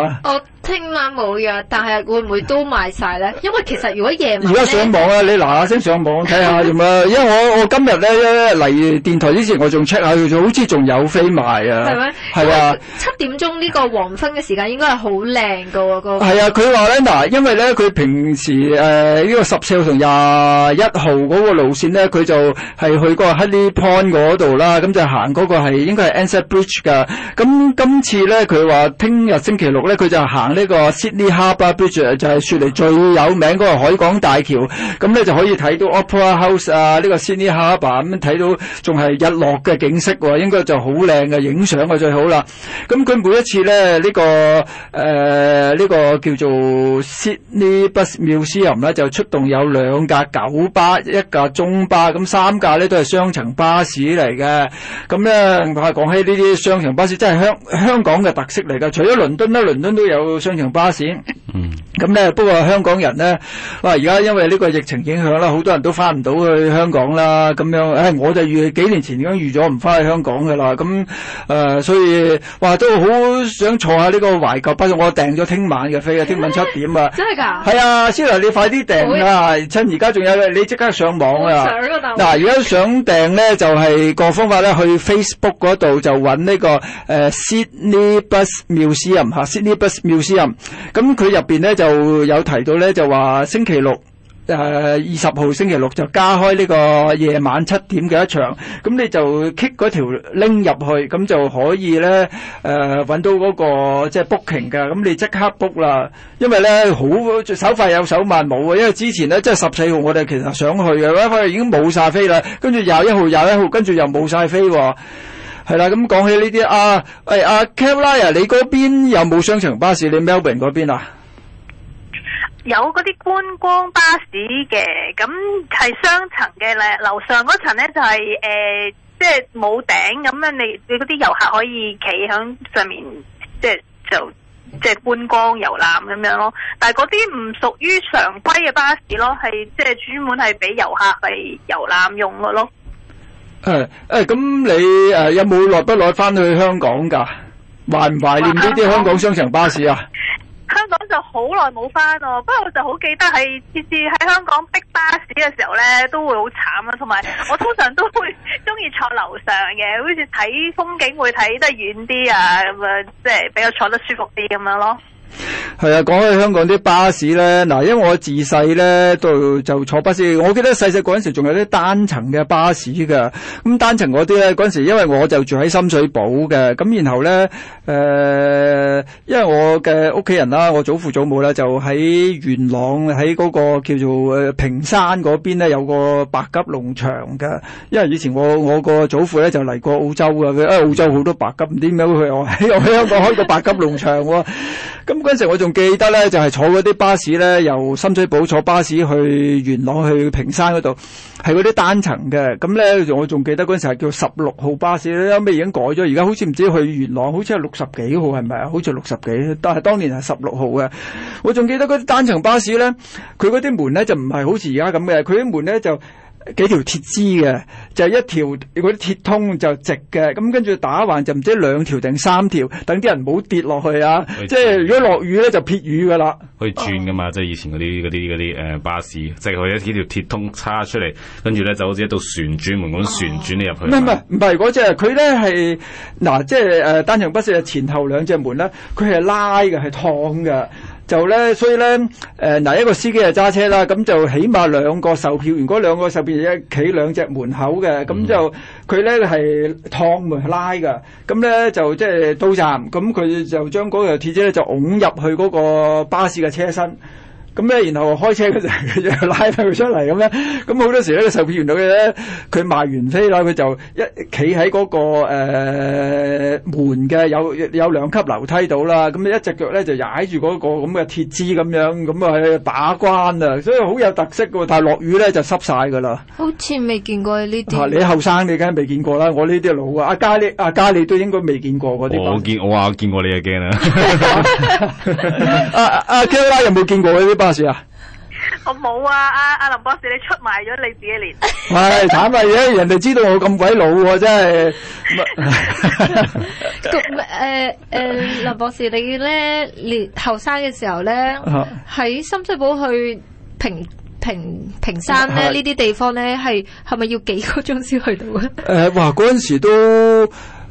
聽晚冇嘅，但係會唔會都賣晒咧？因為其實如果夜晚，如果上網啊， 你嗱嗱聲上網睇下點啊！ 因為我我今日咧，嚟電台之前我仲 check 下佢，仲好似仲有飛賣啊！係咩嗎？係啊，七點鐘呢個黃昏嘅時間應該係好靚噶喎，那個係啊！佢話咧嗱，因為咧佢平時誒呢、呃這個十四號同廿一號嗰個路線咧，佢就係去個 Holly p o i n t 嗰度啦，咁就行嗰個係應該係 Anzac Bridge 噶。咁今次咧佢話聽日星期六咧，佢就行。呢個 Sydney Harbour Bridge 就係雪梨最有名嗰個海港大橋，咁咧就可以睇到 Opera House 啊，呢個 Sydney Harbour 咁睇到仲係日落嘅景色喎，應該就好靚嘅，影相啊，最好啦。咁佢每一次咧呢、呢個誒呢、呃呢個叫做 Sydney Bus Museum 咧，就出動有兩架九巴，一架中巴，咁三架咧都係雙層巴士嚟嘅。咁咧係講起呢啲雙層巴士，真係香香港嘅特色嚟㗎。除咗倫敦啦，倫敦都有。雙程巴士，咁咧， 不過香港人咧，哇！而家因為呢個疫情影響啦，好多人都翻唔到去香港啦，咁樣，唉、哎，我就預幾年前已經預咗唔翻去香港嘅啦，咁、嗯、誒、呃，所以哇，都好想坐下呢個懷舊巴士，不過我訂咗聽晚嘅飛，聽晚七點、欸、啊！真係㗎？係啊，師奶，你快啲訂啊，會趁而家仲有，你即刻上網啊！嗱，如果、啊、想訂咧，就係、是、個方法咧，去 Facebook 嗰度就揾呢、這個誒、呃、Sydney Bus Museum，吓，Sydney Bus Museum 咁佢入邊咧就有提到咧，就話星期六誒，二十號星期六就加開呢個夜晚七點嘅一場，咁你就 kick 嗰條 link 入去，咁就可以咧誒，搵到嗰個即係 booking 噶，咁你即刻 book 啦，因為咧好，手快有手慢冇啊，因為之前咧即係十四號我哋其實想去嘅，不過已經冇晒飛啦，跟住廿一號廿一號跟住又冇晒飛喎。係啦，咁講起呢啲啊，喂、啊，阿 k e l i a 你嗰邊有冇雙層巴士？你 Melbourne 嗰邊啊？有嗰啲觀光巴士嘅，咁係雙層嘅咧，樓上嗰層咧就係、是、誒、呃，即係冇頂咁樣，你你嗰啲遊客可以企喺上面，即係就即係觀光遊覽咁樣咯。但係嗰啲唔屬於常規嘅巴士咯，係即係專門係俾遊客係遊覽用嘅咯。誒誒，咁、哎、你誒、啊、有冇耐不耐翻去香港噶？懷唔懷念呢啲香港商場巴士啊，啊？香港就好耐冇翻哦，不過我就好記得喺次次喺香港逼巴士嘅時候咧，都會好慘啊！同埋我通常都會中意坐樓上嘅，好似睇風景會睇得遠啲啊，咁啊，即係比較坐得舒服啲咁樣咯。係啊，講起香港啲巴士咧，嗱，因為我自細咧都就坐巴士，我記得細細嗰陣時仲有啲單層嘅巴士噶，咁單層嗰啲咧嗰陣時，因為我就住喺深水埗嘅，咁然後咧，誒、呃，因為我嘅屋企人啦，我祖父祖母啦，就喺元朗喺嗰個叫做誒平山嗰邊咧有個白鴿農場噶，因為以前我我個祖父咧就嚟過澳洲噶，誒，澳洲好多白鴿，唔知點解佢又喺我喺香港開個白鴿農場喎、哦，咁。嗰陣時我仲記得咧，就係坐嗰啲巴士咧，由深水埗坐巴士去元朗、去平山嗰度，係嗰啲單層嘅。咁咧，我仲記得嗰陣時係叫十六號巴士咧，後尾已經改咗，而家好似唔知去元朗，好似係六十幾號係咪啊？好似六十幾，但係當年係十六號嘅。嗯、我仲記得嗰啲單層巴士咧，佢嗰啲門咧就唔係好似而家咁嘅，佢啲門咧就。幾條鐵枝嘅，就一條如果啲鐵通就直嘅，咁跟住打橫就唔知兩條定三條，等啲人冇跌落去啊！即係如果落雨咧，就撇雨噶啦。可以轉噶嘛，即係以前嗰啲啲啲誒巴士，即係可以幾條鐵通叉出嚟，跟住咧就好似一度旋轉門咁旋轉你入去。唔係唔係，唔係嗰隻，佢咧係嗱，即係誒單程巴士啊，前後兩隻門咧，佢係拉嘅，係燙嘅。就咧，所以咧，誒、呃、嗱，一個司機就揸車啦，咁、嗯、就起碼兩個售票員，嗰兩個售票員一企兩隻門口嘅，咁、嗯、就佢咧係趟門去拉㗎，咁、嗯、咧就即係到站，咁、嗯、佢就將嗰條鐵條咧就㧬入去嗰個巴士嘅車身。咁咧，然後開車嗰陣，佢就拉翻佢出嚟咁咧。咁好多時咧，個售票員女咧，佢賣完飛啦，佢就一企喺嗰個誒、呃、門嘅有有兩級樓梯度啦。咁一隻腳咧就踩住嗰個咁嘅鐵枝咁樣，咁啊把關啊，所以好有特色嘅。但係落雨咧就濕晒㗎啦。好似未見過呢啲。啊，你後生你梗係未見過啦，我呢啲老啊。阿嘉利、阿嘉利都應該未見過嗰啲。我見吧 我話見過你就驚啦。阿阿嘉拉有冇見過嗰啲？啊，我冇啊！阿、啊、阿、啊、林博士，你出賣咗你自己連，係慘啊！嘢人哋知道我咁鬼老喎、啊，真係。唔誒誒，林博士，你咧年後生嘅時候咧，喺、啊、深水埗去平平平山咧呢啲、啊、地方咧，係係咪要幾個鐘先去到啊？誒、呃，哇！嗰陣時都。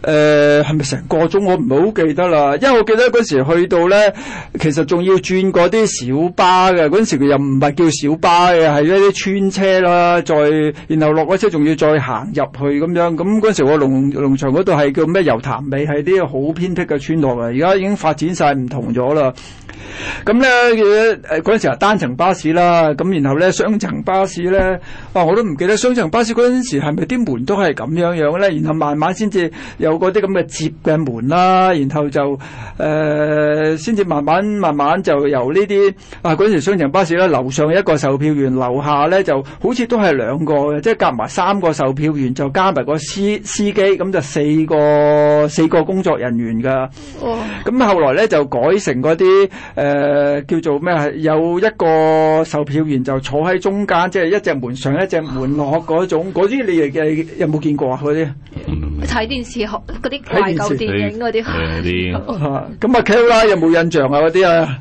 誒，係咪成個鐘？我唔係好記得啦，因為我記得嗰時去到咧，其實仲要轉過啲小巴嘅，嗰時佢又唔係叫小巴嘅，係一啲村車啦，再然後落咗車，仲要再行入去咁樣。咁嗰時我農農場嗰度係叫咩油潭尾，係啲好偏僻嘅村落呀。而家已經發展晒，唔同咗啦。咁咧，誒，嗰陣時係單層巴士啦，咁然後咧雙層巴士咧，哇、啊，我都唔記得雙層巴士嗰陣時係咪啲門都係咁樣樣咧？然後慢慢先至。有啲咁嘅接嘅門啦、啊，然後就誒先至慢慢慢慢就由呢啲啊陣時雙層巴士咧，樓上一個售票員，樓下咧就好似都係兩個嘅，即係夾埋三個售票員就加埋個司司機咁就四個四個工作人員㗎。哦，咁、嗯、後來咧就改成啲誒、呃、叫做咩啊？有一個售票員就坐喺中間，即係一隻門上一隻門落種，啲、哦，你哋有冇見過啊？啲睇電視。嗰啲懷舊電影嗰啲，咁啊 K O 啦，有冇印象啊嗰啲啊？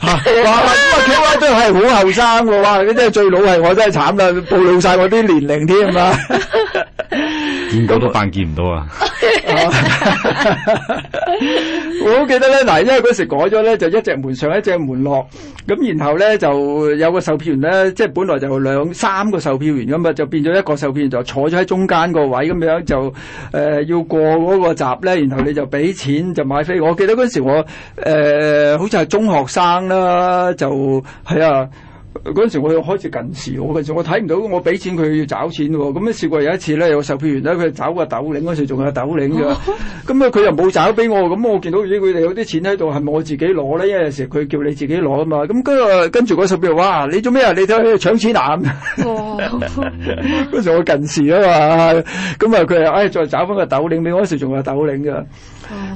啊咁 啊 K O 都係好後生喎，哇、啊！你真係最老係我，真係慘啦，暴露晒我啲年齡添啊！啊 見到都扮見唔到啊,啊！ 啊啊 我好記得咧，嗱，因為嗰時改咗咧，就一隻門上一隻門落，咁然後咧就有個售票員咧，即係本來就兩三個售票員咁啊，就變咗一個售票員就坐咗喺中間個位咁樣就誒、呃、要過嗰個閘咧，然後你就俾錢就買飛。我記得嗰時我誒、呃、好似係中學生啦，就係啊。嗰陣時我開始近視，我嗰陣時我睇唔到，我俾錢佢要找錢喎。咁咧試過有一次咧，有售票員咧，佢找個斗零，嗰時仲有斗零嘅，咁啊佢又冇找俾我，咁我見到佢哋有啲錢喺度，係咪我自己攞咧？因為有時佢叫你自己攞啊嘛。咁跟住跟住嗰售票員，哇！你做咩啊？你睇搶錢男。嗰時我近視啊嘛，咁啊佢又唉、哎、再找翻個斗零俾我，嗰時仲有斗零嘅。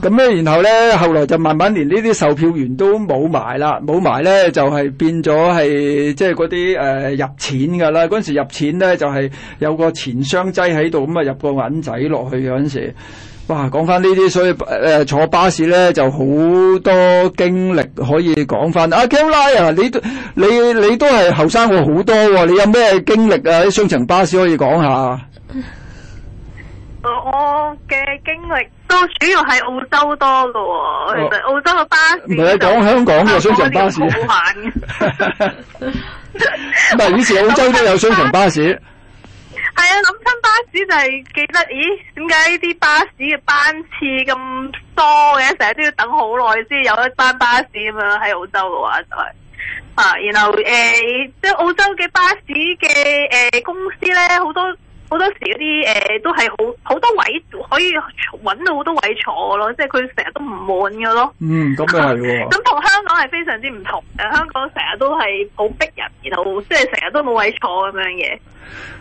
咁咧，哦、然後咧，後來就慢慢連呢啲售票員都冇埋啦，冇埋咧就係、是、變咗係即係嗰啲誒入錢噶啦。嗰時入錢咧就係、是、有個錢箱擠喺度咁啊，入個銀仔落去嗰陣時。哇，講翻呢啲，所以誒、呃、坐巴士咧就好多經歷可以講翻。阿 Kelly 啊，你你你都係後生過好多喎，你有咩經歷啊？啲雙層巴士可以講下。我嘅經歷。都主要係澳洲多噶、哦，哦、其實澳洲嘅巴、就是、巴士。唔係講香港嘅雙層巴士，好唔係以前澳洲都有雙層巴士。係啊，諗親巴士就係、是、記得，咦？點解呢啲巴士嘅班次咁多嘅？成日都要等好耐先有一班巴士咁樣，喺澳洲嘅話就係、是、啊，然後誒、呃，即係澳洲嘅巴士嘅誒、呃、公司咧，好多，好多時嗰啲誒都係好好多位可以搵到好多位坐咯，即係佢成日都唔滿㗎咯。嗯，咁又係喎。咁同香港係非常之唔同。誒，香港成日都係好逼人，然後即係成日都冇位坐咁樣嘢。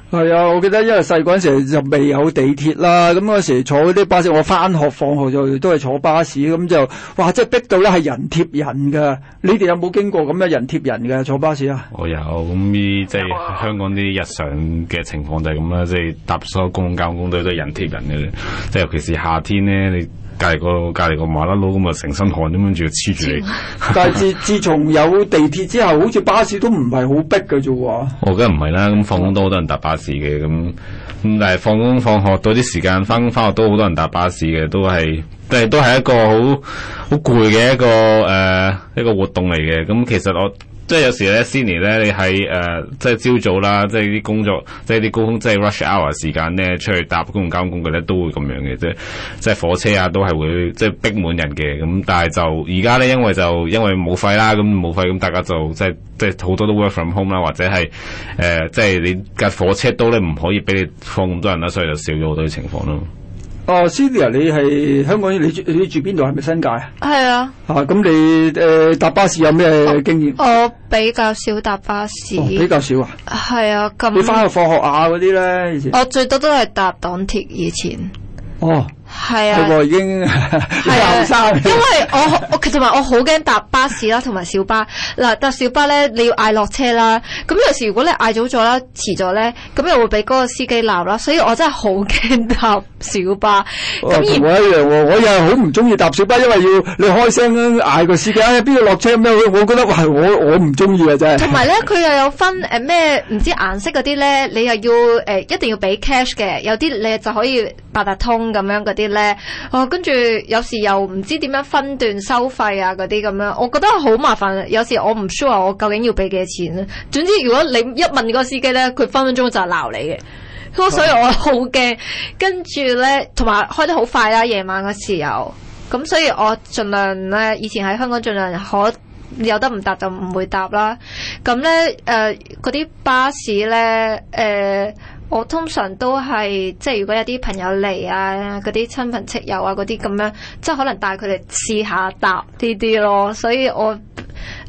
係啊，我記得因為細嗰陣時就未有地鐵啦，咁嗰時坐嗰啲巴士，我返學放學就都係坐巴士，咁就哇，即係逼到咧係人貼人噶你哋有冇經過咁嘅人貼人噶坐巴士啊？我有，咁呢即係香港啲日常嘅情況就係咁啦，即係搭所有公共交通工具都係人貼人嘅，即係尤其是夏天咧，你。隔籬個隔籬個馬騮咁啊，成身汗點樣仲黐住你？但係自 自從有地鐵之後，好似巴士都唔係好逼嘅啫喎。我梗係唔係啦，咁放工都好多人搭巴士嘅，咁咁但係放工放學到啲時間翻工翻學都好多人搭巴士嘅，都係都係都係一個好好攰嘅一個誒、呃、一個活動嚟嘅。咁其實我。即係有時咧，Sydney 咧，你喺誒、呃，即係朝早啦，即係啲工作，即係啲高峰，即係 rush hour 時間咧，出去搭公共交通工具咧，都會咁樣嘅，即係即係火車啊，都係會即係逼滿人嘅。咁但係就而家咧，因為就因為冇費啦，咁冇費，咁大家就即係即係好多都 work from home 啦，或者係誒、呃，即係你架火車都咧唔可以俾你放咁多人啦，所以就少咗好多情況咯。哦、oh，Celia，你喺香港，你住你住邊度？係咪新界啊？係啊。嚇，咁你誒搭巴士有咩我經驗？我比較少搭巴士。哦。比較少啊？係啊，咁。你返去放學啊嗰啲咧，以前我最多都係搭港鐵以前。哦。係啊，我、啊、已經後生。 啊、 因為我 我其實話我好驚搭巴士啦，同埋小巴。嗱搭 小巴咧，你要嗌落車啦。咁有時如果你嗌早咗啦，遲咗咧，咁又會俾嗰個司機鬧啦。所以我真係好驚搭小巴。咁唔一樣喎，後 我又好唔中意搭小巴，因為要你開聲嗌個司機，唉邊度落車咩？我覺得哇、哎，我我唔中意啊，真係。同埋咧，佢又有分誒咩唔知顏色嗰啲咧，你又要誒一定要俾 cash 嘅，有啲你就可以八達通咁樣嘅。啲咧，哦，跟住有時又唔知點樣分段收費啊，嗰啲咁樣，我覺得好麻煩。有時我唔 sure 我究竟要俾幾錢咧。總之如果你一問個司機咧，佢分分鐘就鬧你嘅。咁好所以我好驚。跟住咧，同埋開得好快啦，夜晚嘅時候。咁所以我儘量咧，以前喺香港儘量可有得唔搭就唔會搭啦。咁咧，誒嗰啲巴士咧，誒、呃。我通常都係即係如果有啲朋友嚟啊，嗰啲親朋戚友啊，嗰啲咁樣，即係可能帶佢哋試下搭啲啲咯。所以我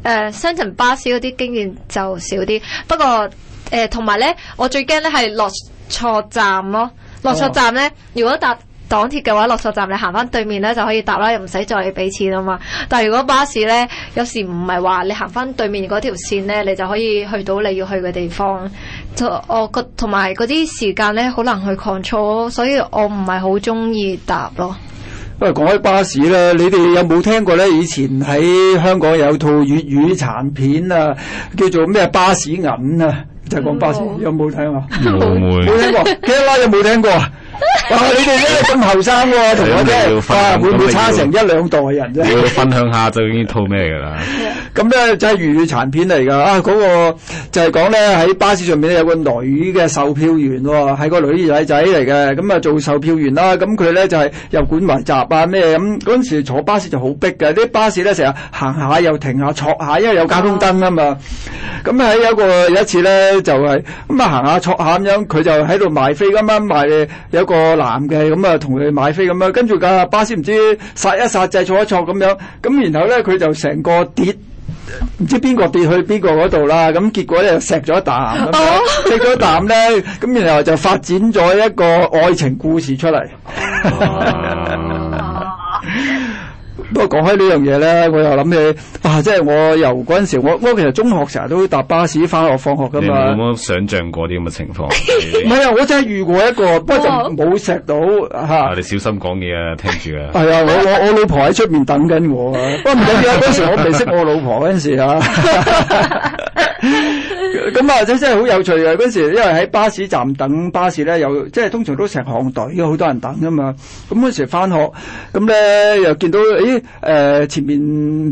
誒雙層巴士嗰啲經驗就少啲。不過誒同埋咧，我最驚咧係落錯站咯。落錯站咧，oh. 如果搭。港鐵嘅話落錯站，你行翻對面咧就可以搭啦，又唔使再俾錢啊嘛。但係如果巴士咧，有時唔係話你行翻對面嗰條線咧，你就可以去到你要去嘅地方。就我個同埋嗰啲時間咧，好難去控制，所以我唔係好中意搭咯。喂，講開巴士啦，你哋有冇聽過咧？以前喺香港有套粵語殘片啊，叫做咩巴士銀啊，就係講巴士。No. 有冇聽啊？冇，冇聽過。No. 有冇聽過啊？ 哇你呢！你哋咧咁後生喎，同我即係、啊，會唔會差成一兩代人啫？我分享下最緊要套咩㗎啦？咁咧就係粵語殘片嚟㗎。啊，嗰個就係講咧喺巴士上邊有個女嘅售票員喎、哦，係個女仔仔嚟嘅。咁啊做售票員啦、啊，咁佢咧就係、是、又管關閘啊咩咁。嗰陣時坐巴士就好逼㗎，啲巴士咧成日行下又停下，駛下，因為有交通燈啊嘛。咁喺有一個有一次咧就係咁啊行下駛下咁樣，佢就喺度賣飛咁樣賣有。個男嘅咁啊，同佢買飛咁樣，跟住架巴士唔知殺一殺掣錯一錯咁樣，咁然後咧佢就成個跌，唔知邊個跌去邊個嗰度啦，咁結果咧就錫咗一啖，錫咗一啖咧，咁、哎、呀然後就發展咗一個愛情故事出嚟。哇哈哈不過講開呢樣嘢咧，我又諗起啊，即係我由嗰陣時，我我其實中學成日都會搭巴士返學放學噶嘛。你有冇想象過啲咁嘅情況？唔係啊，我真係遇過一個，我 不過就冇錫到吓。你小心講嘢啊，聽住啊。係啊，我我我老婆喺出面等緊我啊， 不過唔緊要，嗰陣時我未識我老婆嗰陣時啊。 咁啊，真真係好有趣啊！嗰陣時，因為喺巴士站等巴士咧，又即係通常都成行隊，因為好多人等啊嘛。咁嗰時翻學，咁、嗯、咧又見到，誒，誒、呃，前面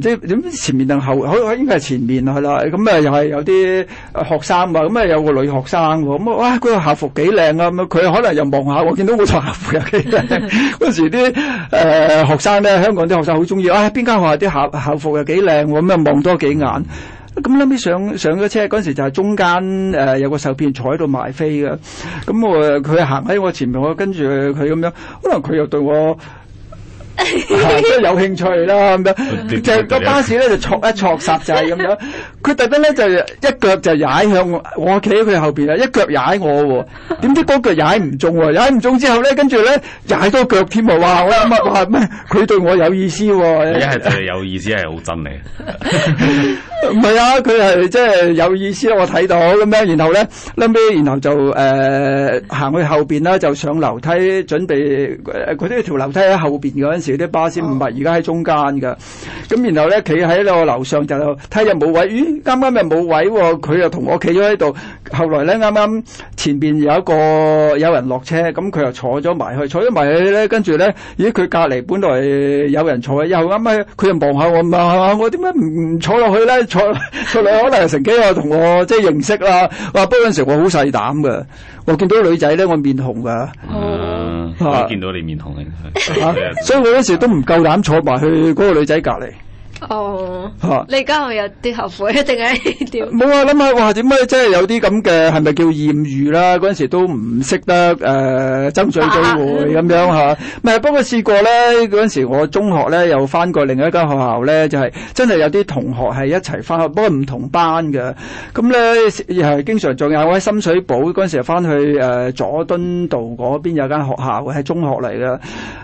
即係點？前面定後？可可應該係前面啦，係啦。咁、嗯、啊，又係有啲學生啊，咁啊，有個女學生喎。咁、嗯、啊，哇，嗰個校服幾靚啊！咁、嗯、佢可能又望下，我見到冇錯校服又幾靚。嗰時啲誒學生咧，香港啲學生好中意。哎、啊，邊間學校啲校校服又幾靚喎？咁啊，望多幾眼。 咁諗啱上上咗車嗰陣時就係中間誒、呃、有個售票員坐喺度賣飛嘅，咁我佢行喺我前面，我跟住佢咁樣可能佢又對我。都、 啊、有興趣啦咁樣，嗯、就個巴士咧就戳一戳剎掣咁樣，佢特登咧就是、一腳就踩向我，我企喺佢後邊啊，一腳踩我喎，點知嗰腳踩唔中喎、啊，踩唔中之後咧，跟住咧踩多腳添喎，話我乜話咩？佢對我有意思喎，一係就有意思，係好真你！唔係啊？佢係即係有意思，我睇到咁樣，然後咧，後尾然後就誒行、呃、去後邊啦，就上樓梯，準備佢都啲條樓梯喺後邊嗰陣。啲巴士唔係，而家喺中間㗎。咁、oh. 然後咧，企喺個樓上就睇又冇位，咦？啱啱咪冇位喎、哦。佢又同我企咗喺度。後來咧，啱啱前邊有一個有人落車，咁佢又坐咗埋去。坐咗埋去咧，跟住咧，咦？佢隔離本來有人坐，又啱啱佢又望下我，唔係嘛？我點解唔坐落去咧？坐落去可能係乘機同我即係認識啦。哇！不過嗰陣時我好細膽㗎，我見到女仔咧，我面紅㗎。Oh. 可見到你面紅，嘅、 啊， 所以我嗰時都唔夠膽坐埋去嗰個女仔隔籬。哦，oh, 啊、你而家我有啲後悔，一定係點？冇啊！諗下哇，點解真係有啲咁嘅，係咪叫艷遇啦？嗰陣時都唔識得誒、呃，爭取機會咁樣吓。係、啊，不 過試過咧嗰陣時，我中學咧又翻過另一間學校咧，就係、是、真係有啲同學係一齊翻學，不過唔同班嘅。咁咧又係經常仲有喺深水埗嗰陣時，翻去誒佐敦道嗰邊有間學校喺中學嚟嘅。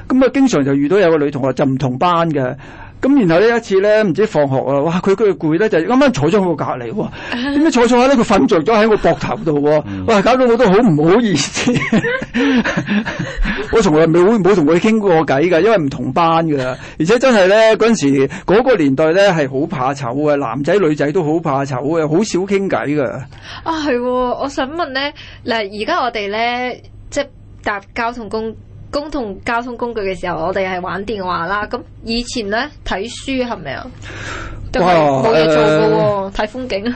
咁啊，經常就遇到有個女同學就唔同班嘅。咁然後呢一次咧，唔知放學啊，哇！佢佢攰咧，就啱啱坐咗喺我隔離喎。點解坐坐下咧，佢瞓着咗喺我膊頭度喎？哇！搞到我都好唔好意思。 我從來冇冇同佢傾過偈㗎，因為唔同班㗎。而且真係咧嗰陣時嗰個年代咧係好怕醜嘅，男仔女仔都好怕醜嘅，好少傾偈㗎。啊，係，我想問咧嗱，而家我哋咧即係搭交通工公共交通工具嘅時候，我哋係玩電話啦。咁以前咧睇書係咪啊？都係冇嘢做噶喎，睇、呃、風景。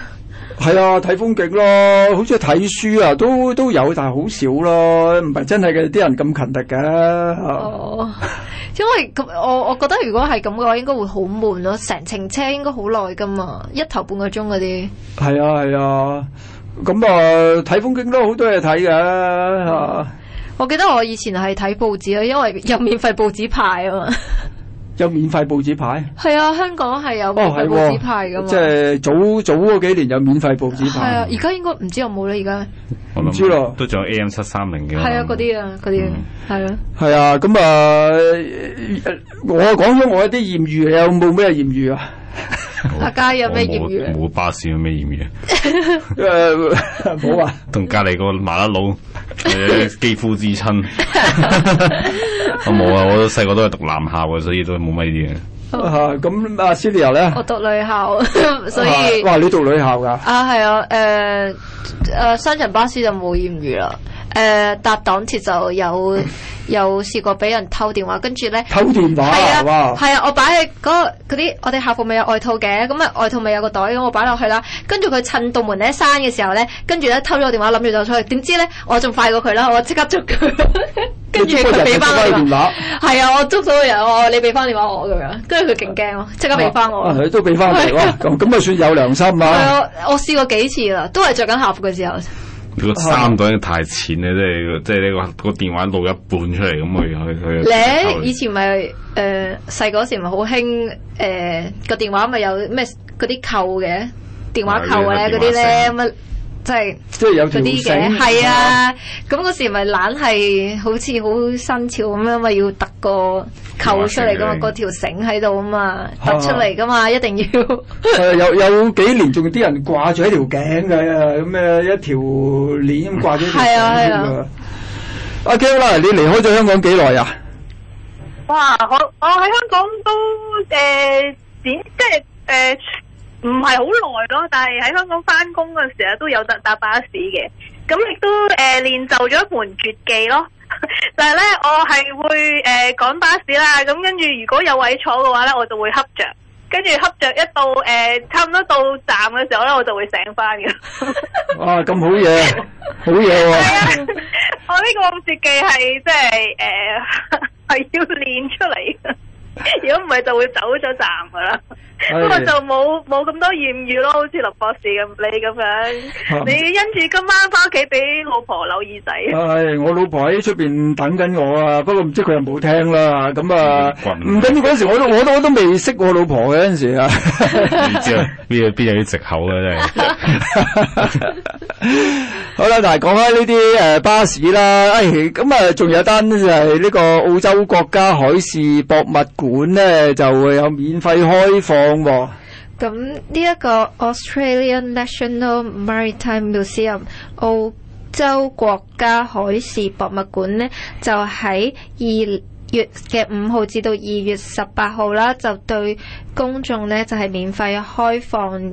係啊，睇風景咯，好似睇書啊，都都有，但係好少咯。唔係真係嘅，啲人咁勤力嘅。哦， 因為咁，我我覺得如果係咁嘅話，應該會好悶咯。成程車應該好耐噶嘛，一頭半個鐘嗰啲。係啊係啊，咁啊睇、嗯、風景都好多嘢睇㗎吓。嗯我記得我以前係睇報紙啊，因為有免費報紙派啊嘛。 有免費報紙派？係啊，香港係有免費報紙派㗎嘛。即係、哦啊就是、早早幾年有免費報紙派。係啊，而家應該唔知有冇啦，而家我唔想知咯，都仲有 AM 七三零嘅。係啊，嗰啲、嗯、啊，嗰啲係啊。係啊，咁啊，我講咗我一啲艷遇，有冇咩艷遇啊？阿佳、啊、有咩艷遇？冇 巴士有咩艷遇？誒 ，冇啊，同隔籬個麻甩佬肌膚之親，我冇啊，我細個都係讀男校，嘅，所以都冇咩嘢。咁阿好、啊、c i r i 咧？我讀女校，所以、啊、哇，你讀女校㗎、啊啊？啊，係啊，誒誒，雙層巴士就冇艷遇啦。誒、呃、搭檔鐵就有有 試過俾人偷電話，跟住咧偷電話係啊，係啊，我擺喺嗰啲我哋校服咪有外套嘅，咁啊外套咪有個袋，咁我擺落去啦。跟住佢趁度門咧閂嘅時候咧，跟住咧偷咗我,我, 我電話，諗住就出去，點知咧我仲快過佢啦，我即刻捉佢。跟住佢俾翻電話係啊，啊啊我捉到人，我你俾翻電話我咁樣，跟住佢勁驚咯，即刻俾翻我。都俾翻嚟咁咁啊算有良心啊,啊，我試過幾次啦，都係着緊校服嘅時候。個三朵已經太淺咧，即係即係呢個個電話錄一半出嚟咁去去去。咧以前咪誒細個時咪好興誒個電話咪有咩嗰啲扣嘅電話扣咧嗰啲咧乜？對即係即係有條繩？係些啊！咁嗰、啊、時咪懶係好似好新潮咁樣，咪要突個扣出嚟噶嘛，個塞條繩喺度啊嘛，啊突出嚟噶嘛，一定要。啊、有有幾年仲啲人掛住喺條頸㗎，咁、啊、誒一條鏈掛喺條頸、嗯、啊，阿 Kelly，你離開咗香港幾耐啊？哇！我我喺香港都誒點、呃、即係誒。呃呃唔係好耐咯，但係喺香港返工嘅時候都有搭搭巴士嘅，咁亦都誒練、呃、就咗一門絕技咯。但係咧，我係會誒趕、呃、巴士啦，咁跟住如果有位坐嘅話咧，我就會瞌着，跟住瞌着一到誒、呃、差唔多到站嘅時候咧，我就會醒返嘅。 哇，咁好嘢！ 好嘢喎、係啊！我呢個絕技係即係誒係要練出嚟，如果唔係就會走咗站噶啦。 不過就冇冇咁多艷遇咯，好似林博士咁你咁樣，你因住今晚翻屋企俾老婆扭耳仔。係我老婆喺出邊等緊我啊，不過唔知佢有冇聽啦。咁啊，唔緊要嗰陣時，我都我都我都未識我老婆嗰陣時啊。唔知啊，邊有邊有啲借口啊真係。好啦，嗱，講開呢啲誒巴士啦，咁啊，仲有一單就係呢個澳洲國家海事博物館咧，就會有免費開放。咁呢一個 Australian National Maritime Museum 澳洲國家海事博物館呢，就喺二月嘅五號至到二月十八號啦，就對公眾呢，就係免費開放。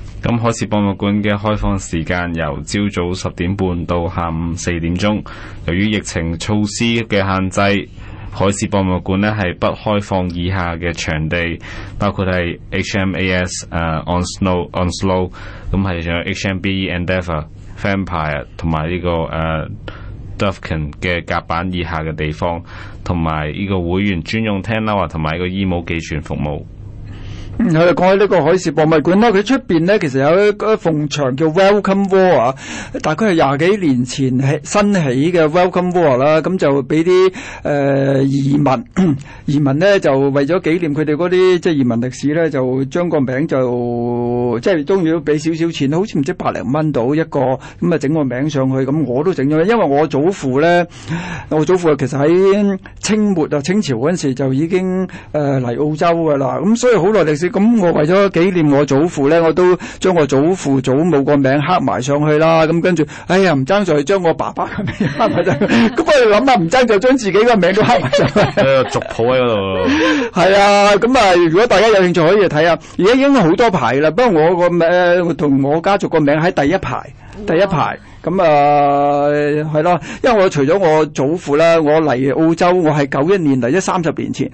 咁海事博物館嘅開放時間由朝早十點半到下午四點鐘。由於疫情措施嘅限制，海事博物館呢係不開放以下嘅場地，包括係 H M A S 誒、uh, Onslow Onslow，咁係仲有 H M B Endeavour Vampire 同埋呢個誒 Duffkin 嘅甲板以下嘅地方，同埋呢個會員專用廳樓啊，同埋呢個衣物寄存服務。我哋講起呢個海事博物館啦，佢出邊呢其實有一一縫牆叫 Welcome Wall 啊，大概係廿幾年前起新起嘅 Welcome Wall 啦，咁、嗯、就俾啲誒移民移民呢就為咗紀念佢哋嗰啲即係移民歷史咧，就將個名就即係都要俾少少錢，好似唔知百零蚊到一個咁啊，整、嗯、個名上去，咁、嗯、我都整咗，因為我祖父咧，我祖父其實喺清末啊清朝嗰陣時就已經誒嚟、呃、澳洲噶啦，咁、嗯、所以好耐歷史。咁我為咗紀念我祖父咧，我都將我祖父祖母個名刻埋上去啦。咁跟住，哎呀，唔爭在將我爸爸嘅名，刻埋上去。咁我諗下，唔爭就將自己個名都刻埋上去。喺度族譜喺度。係啊，咁啊，如果大家有興趣可以睇下，而家已經好多排啦。不過我個名，同我，我家族個名喺第一排。第一排咁啊，係咯，因為我除咗我祖父啦，我嚟澳洲，我係九一年嚟，即係三十年前，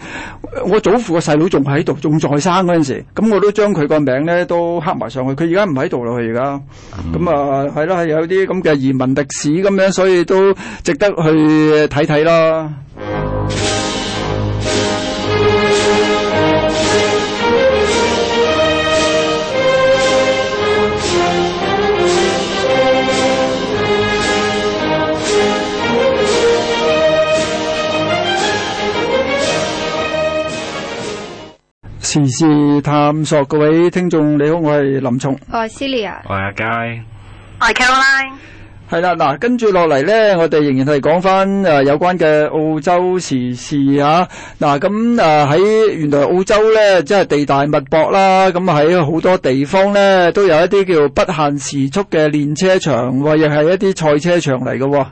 我祖父個細佬仲喺度，仲在生嗰陣時，咁我都將佢個名咧都刻埋上去。佢而家唔喺度啦，佢而家，咁啊，係咯，係有啲咁嘅移民歷史咁樣，所以都值得去睇睇啦。時事探索，各位聽眾，你好，我係林松，我係 Celia，我係阿佳，我係 Caroline，係啦。嗱，跟住落嚟咧，我哋仍然係講翻誒有關嘅澳洲時事啊。嗱，咁誒喺原來澳洲咧，即係地大物博啦。咁喺好多地方咧，都有一啲叫不限時速嘅練車場，亦、呃、係一啲賽車場嚟嘅。啊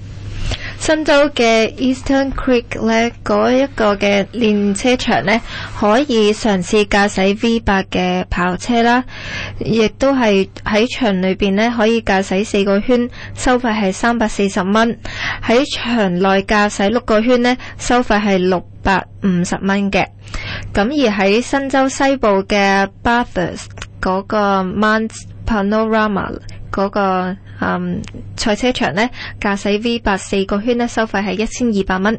新州嘅 Eastern Creek 咧，嗰一個嘅練車場咧，可以嘗試駕駛 V 八嘅跑車啦，亦都係喺場裏邊咧可以駕駛四個圈，收費係三百四十蚊；喺場內駕駛六個圈咧，收費係六百五十蚊嘅。咁而喺新州西部嘅 Bathurst 嗰個 Mount Panorama 嗰、那個。嗯，賽、um，車場咧，駕駛 V 八四個圈咧，收費係一千二百蚊。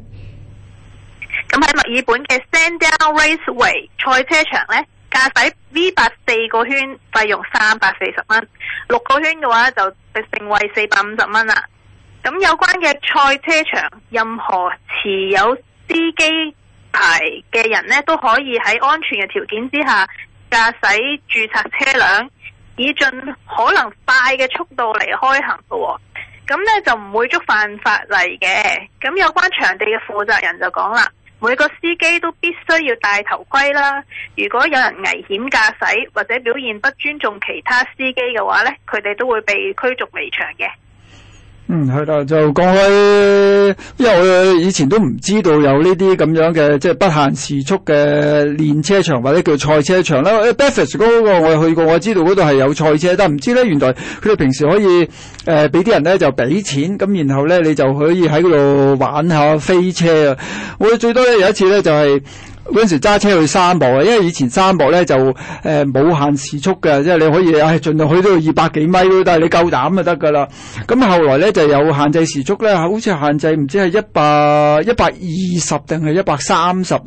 咁喺墨爾本嘅 Sandown Raceway 賽車場咧，駕駛 V 八四個圈費用三百四十蚊，六個圈嘅話就定為四百五十蚊啦。咁有關嘅賽車場，任何持有司機牌嘅人咧，都可以喺安全嘅條件之下駕駛註冊車輛。以盡可能快嘅速度嚟開行嘅，咁咧就唔會觸犯法例嘅。咁有關場地嘅負責人就講啦，每個司機都必須要戴頭盔啦。如果有人危險駕駛，或者表現不尊重其他司機嘅話咧，佢哋都會被驅逐離場嘅。嗯，係啦，就講開，因為我以前都唔知道有呢啲咁樣嘅，即係不限時速嘅練車場或者叫賽車場啦。b、欸、e、嗯嗯、嗰個我去過，我知道嗰度係有賽車，但係唔知咧，原來佢哋平時可以誒俾啲人咧就俾錢，咁然後咧你就可以喺嗰度玩下飛車啊！我最多咧有一次咧就係、是。嗰陣時揸車去沙漠啊，因為以前沙漠咧就誒、呃、冇限時速嘅，即係你可以唉、哎、盡量去到二百幾米都得，你夠膽就得噶啦。咁後來咧就有限制時速啦，好似限制唔知係一百一百二十定係一百三十啊。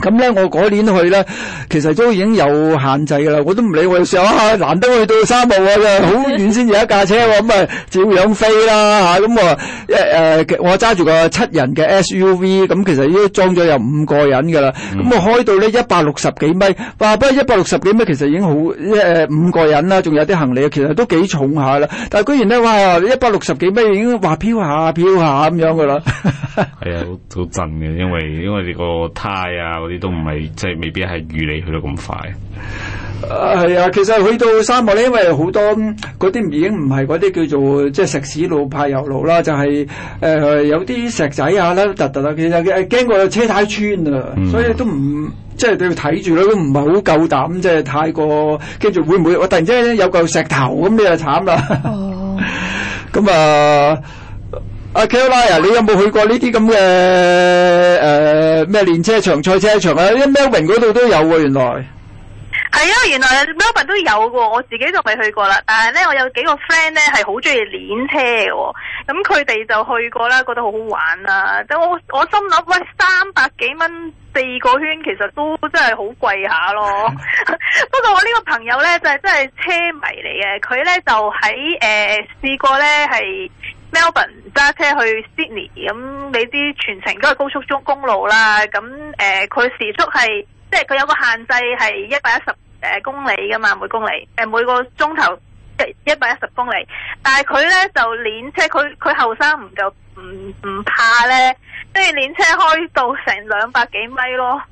咁咧，那我嗰年去咧，其實都已經有限制噶啦，我都唔理我上下，難得去到三號啊，好遠先有一架車，咁咪照樣飛啦吓，咁我誒誒，我揸住個七人嘅 SUV，咁其實已經裝咗有五個人噶啦，咁、嗯、我開到呢一百六十幾米，哇，不過一百六十幾米其實已經好誒五、呃、個人啦，仲有啲行李，其實都幾重下啦，但係居然咧，哇，一百六十幾米已經話飄下飄下咁樣噶啦，係 啊、哎，好好震嘅，因為 因為你個胎啊。嗰啲都唔係即係未必係預你去到咁快。啊係啊，其實去到沙漠咧，因為好多嗰啲已經唔係嗰啲叫做即係石屎路、柏油路啦，就係、是、誒、呃、有啲石仔啊啦、突突啦。其實佢係驚過車胎穿啊，嗯、所以都唔即係你要睇住啦，都唔係好夠膽，即係太過跟住會唔會我突然之間有嚿石頭咁你就慘啦。哦、嗯。咁 啊～阿 Kelly 啊拉，你有冇去過呢啲咁嘅誒咩練車場、賽車場啊？因 Melbourne 嗰度都有喎，原來係啊，原來 Melbourne 都有嘅、啊。我自己就未去過啦，但係咧，我有幾個 friend 咧係好中意練車嘅、哦，咁佢哋就去過啦，覺得好好玩啊！都我，我心諗，喂，三百幾蚊四個圈，其實都真係好貴下咯。不 過我呢個朋友咧就係真係車迷嚟嘅，佢咧就喺誒試過咧係。m e l b o u r n e 揸車去 Sydney，咁、嗯、你啲全程都係高速公路啦。咁、嗯、誒，佢、呃、時速係即係佢有個限制係一百一十誒公里噶嘛，每公里誒、呃、每個鐘頭一一百一十公里。但係佢咧就碾車，佢佢後生唔夠唔唔怕咧，即係碾車開到成兩百幾米咯。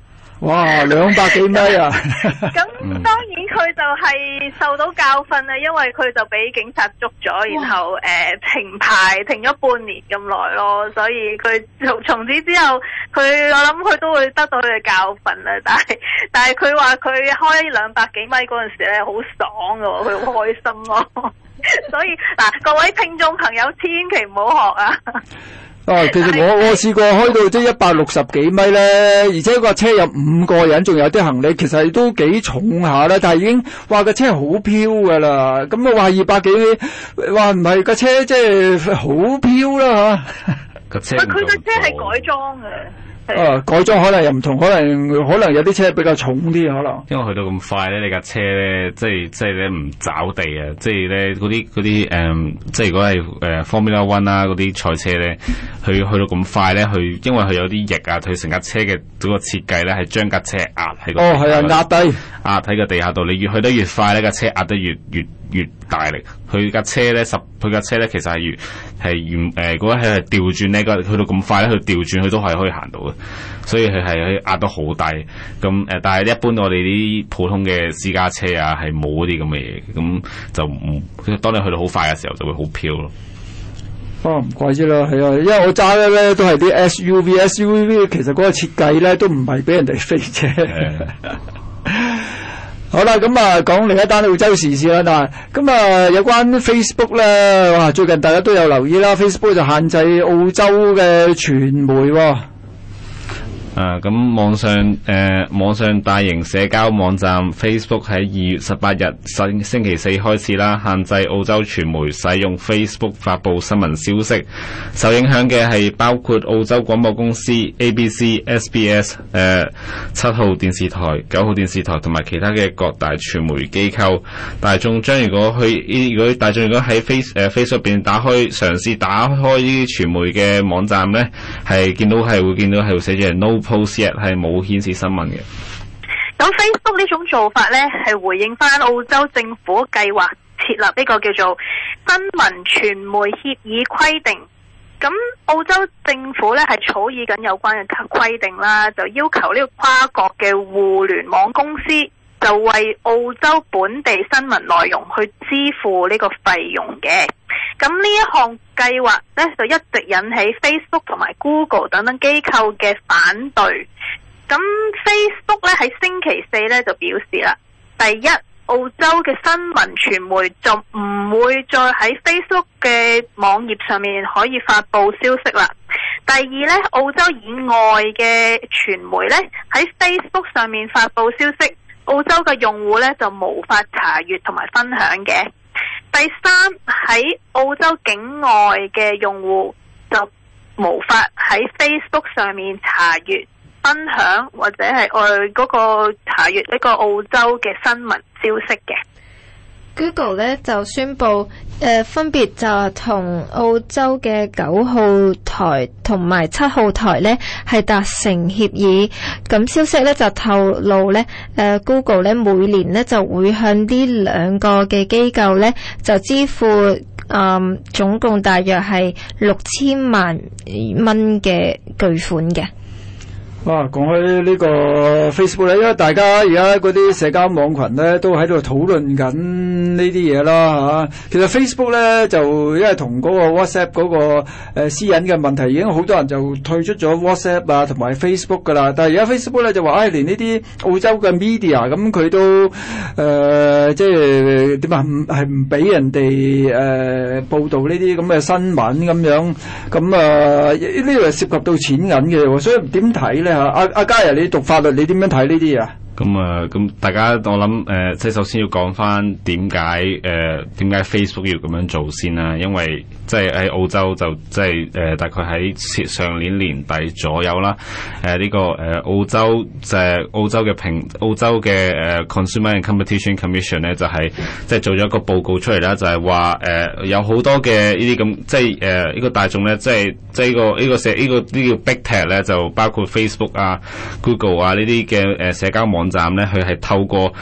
哇，兩百幾米啊！咁 當然佢就係受到教訓啦，因為佢就俾警察捉咗，然後誒、呃、停牌停咗半年咁耐咯，所以佢從從此之後，佢我諗佢都會得到佢嘅教訓啦。但係但係佢話佢開兩百幾米嗰陣時咧，好爽噶，佢好開心咯。 所以嗱，各位聽眾朋友，千祈唔好學啊！啊，其實我我試過開到即一百六十幾米咧，而且個車有五個人，仲有啲行李，其實都幾重下喇。但係已經話個車好飄噶啦，咁我話二百幾米，話唔係個車即係好飄啦吓。個 車佢個車係改裝嘅。啊！Uh, 改裝可能又唔同，可能可能有啲車比較重啲，可能。因為去到咁快咧，你架車咧，即係即係咧唔找地、嗯、啊！即係咧嗰啲啲誒，即係如果係誒 Formula One 啦嗰啲賽車咧，去去到咁快咧，去因為佢有啲翼啊，佢成架車嘅嗰個設計咧係將架車壓喺度。哦，係啊，壓低。壓喺個地下度，你越去得越快呢，架車壓得越越。越大力，佢架車咧十，佢架車咧其實係越係越誒，嗰個係調轉咧，個去到咁快咧，去調轉佢都係可以行到嘅，所以佢係可以壓得好低。咁誒、呃，但係一般我哋啲普通嘅私家車啊，係冇啲咁嘅嘢，咁就唔當你去到好快嘅時候，就會好飄咯、啊。哦，唔怪之啦，係啊，因為我揸咧都係啲 SUV，SUV 其實嗰個設計咧都唔係俾人哋飛車。 好啦，咁、嗯、啊，講另一單澳洲時事啦，嗱，咁、嗯、啊、嗯，有關 Facebook 呢，哇，最近大家都有留意啦 ，Facebook 就限制澳洲嘅傳媒喎、哦。啊，咁網上誒、呃、網上大型社交網站 Facebook 喺二月十八日星星期四開始啦，限制澳洲傳媒使用 Facebook 發佈新聞消息。受影響嘅係包括澳洲廣播公司 ABC PS,、呃、SBS 誒七號電視台、九號電視台同埋其他嘅各大傳媒機構大眾將如果去如果大眾如果喺 Face 誒、uh, Facebook 邊打開嘗試打開呢啲傳媒嘅網站咧，係見到係會見到係會寫住係 No。post 係冇顯示新聞嘅。咁 Facebook 呢種做法呢，係回應返澳洲政府計劃設立呢個叫做新聞傳媒協議規定。咁澳洲政府呢，係草擬緊有關嘅規定啦，就要求呢個跨國嘅互聯網公司，就為澳洲本地新聞內容去支付呢個費用嘅，咁呢一項計劃咧，就一直引起 Facebook 同埋 Google 等等機構嘅反對。咁 Facebook 咧，喺星期四咧，就表示啦，第一，澳洲嘅新聞傳媒就唔會再喺 Facebook 嘅網頁上面可以發佈消息啦。第二咧，澳洲以外嘅傳媒咧，喺 Facebook 上面發佈消息。澳洲嘅用戶咧就無法查閱同埋分享嘅。第三，喺澳洲境外嘅用戶就無法喺 Facebook 上面查閱、分享，或者係外嗰個查閱呢個澳洲嘅新聞消息嘅。Google 咧就宣布。呃、分別就同澳洲嘅九號台同埋七號台呢係達成協議。咁消息呢就透露呢、呃、Google 呢每年呢就會向呢兩個嘅機構呢就支付，嗯、呃、總共大約係六千萬蚊嘅巨款嘅。哇，講開呢個 Facebook 咧，因為大家而家嗰啲社交網群咧都喺度討論緊呢啲嘢啦，吓。其實 Facebook 咧就因為同嗰個 WhatsApp 嗰個誒私隱嘅問題，已經好多人就退出咗 WhatsApp 啊，同埋 Facebook 噶啦。但係而家 Facebook 咧就話，誒連呢啲澳洲嘅 media 咁佢都誒即係點啊？係唔俾人哋誒報道呢啲咁嘅新聞咁樣？咁啊呢度係涉及到錢銀嘅，所以點睇咧？阿阿嘉爺，你讀法律，你點樣睇呢啲嘢啊？咁啊，咁、嗯嗯、大家我諗誒即係首先要講翻點解誒點解、呃、Facebook 要咁樣做先啦？因為即係喺澳洲就即係誒大概喺上年年底左右啦。誒、呃、呢、這個誒、呃、澳洲就係、是、澳洲嘅平澳洲嘅誒、呃、Consumer and Competition Commission 咧，就係即係做咗一個報告出嚟啦，就係話誒有好多嘅呢啲咁即係誒呢個大眾咧，即係即係呢個呢、這個社呢、這個呢、這個叫 Big Tech 咧，就包括 Facebook 啊、Google 啊呢啲嘅誒社交網。站咧，佢係透過誒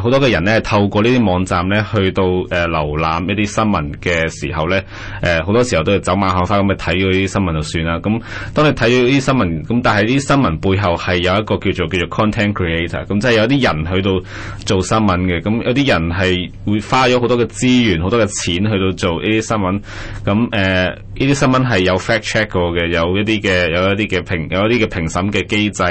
好、呃、多嘅人咧，透過呢啲網站咧，去到誒、呃、瀏覽一啲新聞嘅時候咧，誒、呃、好多時候都係走馬看花咁去睇嗰啲新聞就算啦。咁、嗯、當你睇咗啲新聞，咁、嗯、但係呢啲新聞背後係有一個叫做叫做 content creator，咁即係有啲人去到做新聞嘅，咁、嗯、有啲人係會花咗好多嘅資源、好多嘅錢去到做呢啲新聞。咁誒呢啲新聞係有 fact check 過嘅，有一啲嘅，有一啲嘅評，有一啲嘅評審嘅機制，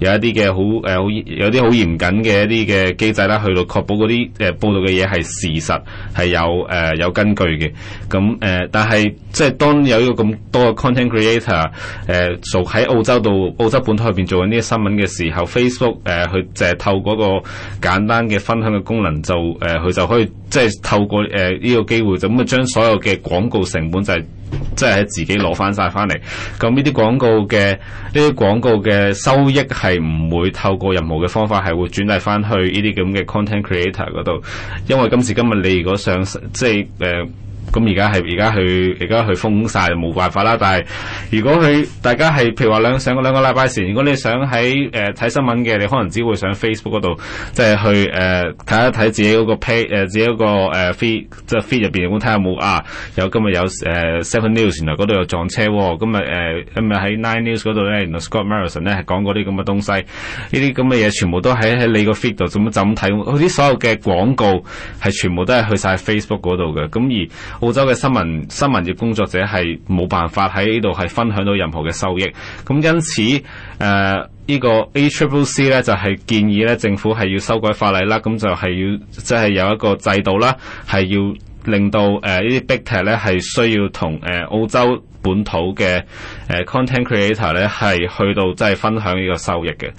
有一啲嘅好誒好。呃有啲好嚴謹嘅一啲嘅機制啦，去到確保嗰啲誒報導嘅嘢係事實，係有誒、呃、有根據嘅。咁誒、呃，但係即係當有一個咁多嘅 content creator 誒、呃，做喺澳洲度澳洲本土入邊做緊呢啲新聞嘅時候，Facebook 誒、呃、佢淨係透過嗰個簡單嘅分享嘅功能，就誒佢、呃、就可以即係透過誒呢、呃這個機會就，就咁啊將所有嘅廣告成本就係、是。即係自己攞翻晒翻嚟，咁呢啲廣告嘅呢啲廣告嘅收益係唔會透過任何嘅方法係會轉遞翻去呢啲咁嘅 content creator 嗰度，因為今時今日你如果想即係誒。呃咁而家係而家去而家去封曬，冇辦法啦。但係如果佢大家係譬如話兩上個兩個禮拜前，如果你想喺誒睇新聞嘅，你可能只會上 Facebook 嗰度，即係去誒睇、呃、一睇自己嗰個 page、呃、自己嗰個誒 feed 即係 feed 入邊，咁睇下有冇啊有今日有誒、呃、Seven News 原來嗰度有撞車喎，咁咪誒咪喺 Nine News 嗰度咧，Scott Morrison 咧係講嗰啲咁嘅東西，呢啲咁嘅嘢全部都喺喺你個 feed 度，咁就咁睇，佢啲所有嘅廣告係全部都係去晒 Facebook 嗰度嘅，咁而。而澳洲嘅新聞、新聞業工作者係冇辦法喺呢度係分享到任何嘅收益，咁因此誒、呃這個、呢個 A Triple C 咧就係、是、建議咧政府係要修改法例啦，咁就係要即係、就是、有一個制度啦，係要。令到誒、呃、呢啲 big 壁壘咧係需要同誒、呃、澳洲本土嘅誒、呃、content creator 咧係去到即係分享呢個收益嘅。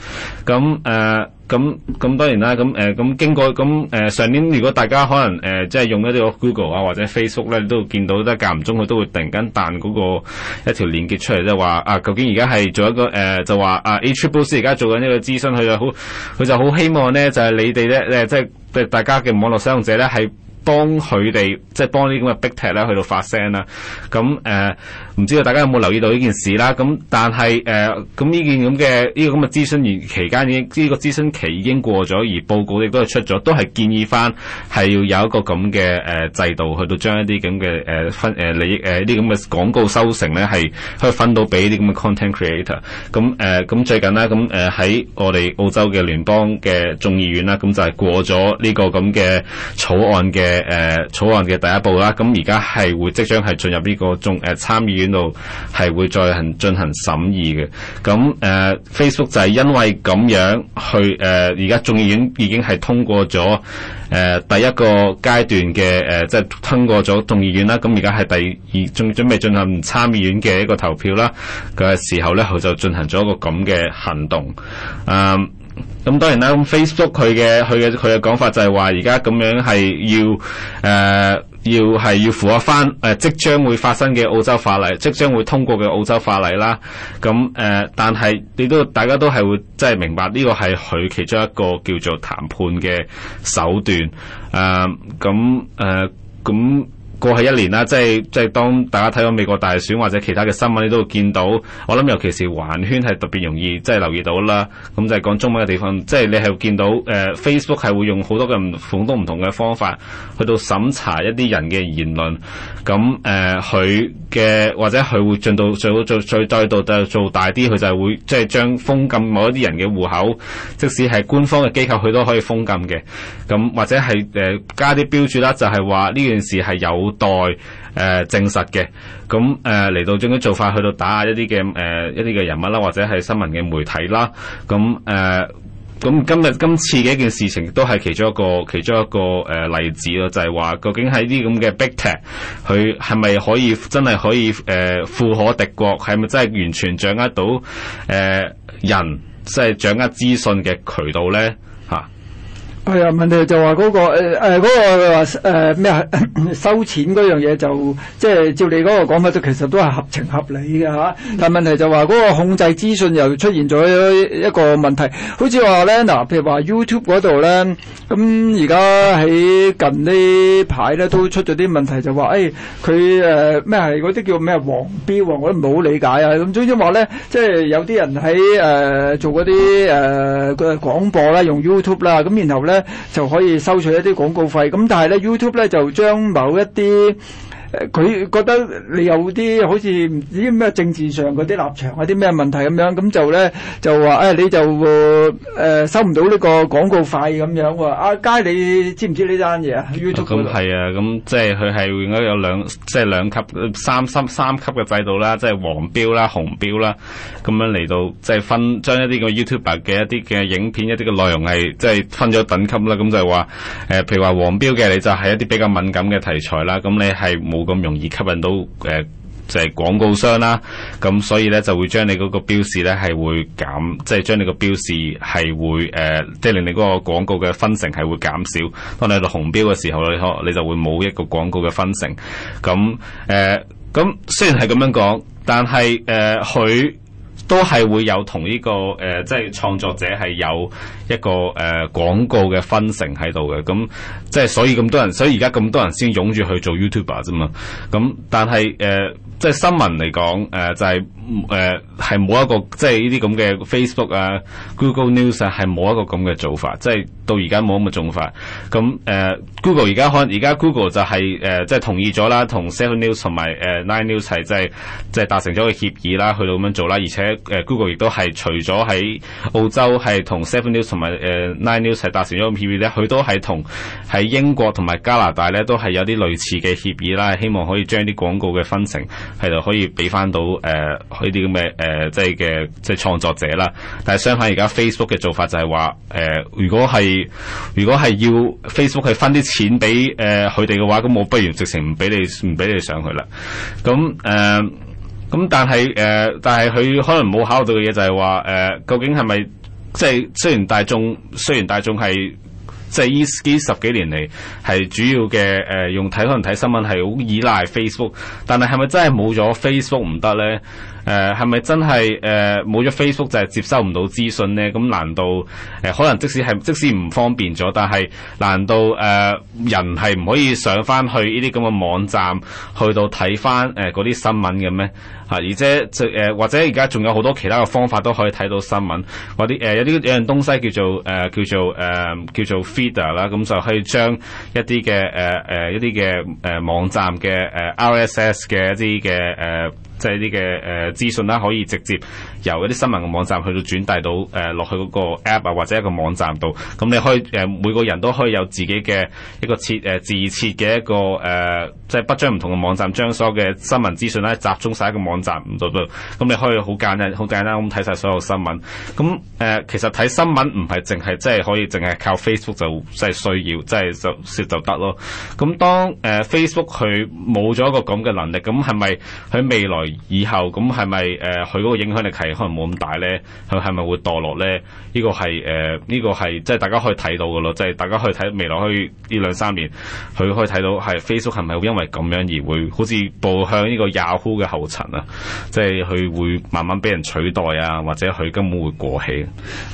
咁誒咁咁當然啦。咁誒咁經過咁誒、嗯嗯、上年，如果大家可能誒、呃、即係用一啲個 Google 啊或者 Facebook 咧，你都見到都間唔中佢都會突然間彈嗰個一條鏈結出嚟，就話、是、啊究竟而家係做一個誒、呃、就話啊 HBOC 而家做緊呢個諮詢，佢就好佢就好希望咧就係、是、你哋咧誒即係大家嘅網絡使用者咧係。幫佢哋即係幫啲咁嘅 big 壁踢咧去到發聲啦。咁誒唔知道大家有冇留意到呢件事啦？咁但係誒咁呢件咁嘅呢個咁嘅諮詢期間已經呢、這個諮詢期已經過咗，而報告亦都係出咗，都係建議翻係要有一個咁嘅誒制度去到將一啲咁嘅誒分誒利益誒啲咁嘅廣告收成咧係可以分到俾啲咁嘅 content creator。咁誒咁最近咧咁誒喺我哋澳洲嘅聯邦嘅眾議院啦，咁就係過咗呢個咁嘅草案嘅。嘅誒、呃、草案嘅第一步啦，咁而家係會即將係進入呢個眾誒、啊、參議院度，係會再行進行審議嘅。咁、啊、Facebook 就係因為咁樣去誒，而家眾議院已經係通過咗誒、啊、第一個階段嘅誒、啊，即係通過咗眾議院啦。咁而家係第二仲準備進行參議院嘅一個投票啦嘅、啊、時候咧，佢就進行咗一個咁嘅行動。嗯、啊。咁當然啦，Facebook 佢嘅佢嘅佢嘅講法就係話，而家咁樣係要誒，要係要符合返誒即將會發生嘅澳洲法例，即將會通過嘅澳洲法例啦。咁誒、呃，但係你都大家都係會即係明白呢個係佢其中一個叫做談判嘅手段。誒、呃，咁誒，咁、呃。過去一年啦，即係即係當大家睇到美國大選或者其他嘅新聞，你都會見到。我諗尤其是環圈係特別容易，即係留意到啦。咁就係講中文嘅地方，即係你係會見到誒、呃、Facebook 係會用好多嘅好多唔同嘅方法去到審查一啲人嘅言論。咁誒佢嘅或者佢會進到再再再再到大做大啲，佢就係會即係將封禁某一啲人嘅戶口，即使係官方嘅機構，佢都可以封禁嘅。咁或者係誒、呃、加啲標注啦，就係話呢件事係有。代誒、呃、證實嘅，咁誒嚟到將啲做法去到打壓一啲嘅誒一啲嘅人物啦，或者係新聞嘅媒體啦，咁誒咁今日今次嘅一件事情都係其中一個其中一個誒、呃、例子咯，就係、是、話究竟喺啲咁嘅 Big Tech，佢係咪可以真係可以誒、呃、富可敵國？係咪真係完全掌握到誒、呃、人，即、就、係、是、掌握資訊嘅渠道咧？係啊，問題就話，嗰個誒誒，呃嗰個話誒咩收錢樣嘢就即係照你個講法，都其實都係合情合理嘅吓，啊，但係問題就話個控制資訊又出現咗一個問題，好似話咧嗱，譬如話 YouTube 度咧，咁而家喺近呢排咧都出咗啲問題就話誒佢誒咩係啲叫咩黃標，我都唔好理解啊。咁總之話咧，即係有啲人喺誒、呃、做啲誒個廣播啦，用 YouTube 啦，咁、嗯、然後咧。就可以收取一啲廣告費咁，但係咧，YouTube 咧就將某一啲。佢覺得你有啲好似唔知咩政治上嗰啲立場有啲咩問題咁樣，咁就咧就話誒、哎、你就誒、呃、收唔到呢個廣告費咁樣喎。阿、啊、佳你知唔知呢單嘢啊？YouTube 咁係啊，咁、嗯裡啊嗯、即係佢係應該有兩即係兩級三三三級嘅制度啦，即係黃標啦、紅標啦，咁樣嚟到即係分將一啲嘅 YouTuber 嘅一啲嘅影片一啲嘅內容係即係分咗等級啦。咁就係話誒，譬如話黃標嘅你就係一啲比較敏感嘅題材啦，咁你係冇。咁容易吸引到誒、呃，就係、是、廣告商啦、啊。咁所以咧就會將你嗰個標示咧係會減，即係將你個標示係會誒，即係令你嗰個廣告嘅分成係會減少。當你喺度紅標嘅時候，你可你就會冇一個廣告嘅分成。咁誒，咁、呃、雖然係咁樣講，但係誒佢。呃都係會有同呢個誒、呃，即係創作者係有一個誒、呃、廣告嘅分成喺度嘅，咁即係所以咁多人，所以而家咁多人先湧住去做 YouTuber 啫嘛。咁但係誒、呃，即係新聞嚟講誒、呃，就係、係。誒係冇一個即係呢啲咁嘅 Facebook 啊、Google News 啊係冇一個咁嘅做法，即係到而家冇咁嘅做法。咁誒、呃、Google 而家可而家 Google 就係誒即係同意咗啦，同 Seven News 同埋誒 Nine News 係即係即係達成咗個協議啦，去到咁樣做啦。而且誒、呃、Google 亦都係除咗喺澳洲係同 Seven News 同埋誒 Nine News 係達成咗個協議咧，佢都係同喺英國同埋加拿大咧都係有啲類似嘅協議啦，希望可以將啲廣告嘅分成係度可以俾翻到誒。呃佢啲咁嘅誒，即係嘅即係創作者啦。但係相反，而家 Facebook 嘅做法就係、呃呃、話，誒如果係如果係要 Facebook 係分啲錢俾誒佢哋嘅話，咁我不如直情唔俾你唔俾你上去啦。咁誒咁，但係誒，但係佢可能冇考慮到嘅嘢就係話，誒、呃、究竟係咪即係雖然大眾雖然大眾係即係呢幾十幾年嚟係主要嘅誒、呃、用睇，可能睇新聞係好依賴 Facebook，但係係咪真係冇咗 Facebook 唔得咧？誒係咪真係誒冇、uh, 咗 Facebook 就係接收唔到資訊咧？咁難道誒、uh, 可能即使係即使唔方便咗，但係難道誒、uh, 人係唔可以上翻去呢啲咁嘅網站去到睇翻誒嗰啲新聞嘅咩？嚇、啊！而且誒、uh, 或者而家仲有好多其他嘅方法都可以睇到新聞。嗰啲誒有啲有樣東西叫做誒、uh, 叫做誒、uh, 叫做 feeder 啦，咁、uh, 啊、就可以將一啲嘅誒誒一啲嘅誒網站嘅誒、uh, RSS 嘅一啲嘅誒。Uh, 即係呢啲嘅誒資訊啦，可以直接。由一啲新聞嘅網站去到轉遞到誒落、呃、去個 app 啊，或者一個網站度，咁、嗯、你可以誒、呃、每個人都可以有自己嘅一個設誒、呃、自設嘅一個誒即係不將唔同嘅網站將所有嘅新聞資訊咧集中晒一個網站度度，咁、嗯嗯、你可以好簡單好簡單咁睇晒所有新聞，咁、嗯、誒、呃、其實睇新聞唔係淨係即係可以淨係靠 Facebook 就即係需要即係就就得咯。咁、嗯、當誒、呃、Facebook 佢冇咗一個咁嘅能力，咁係咪喺未來以後，咁係咪誒佢嗰個影響力係。可能冇咁大咧，佢係咪會墮落咧？呢、這個係誒，呢、呃這個係即係大家可以睇到噶咯，即係大家可以睇未來去呢兩三年，佢可以睇到係 Facebook 係咪會因為咁樣而會好似步向呢個 Yahoo 嘅後塵啊？即係佢會慢慢俾人取代啊，或者佢根本會過氣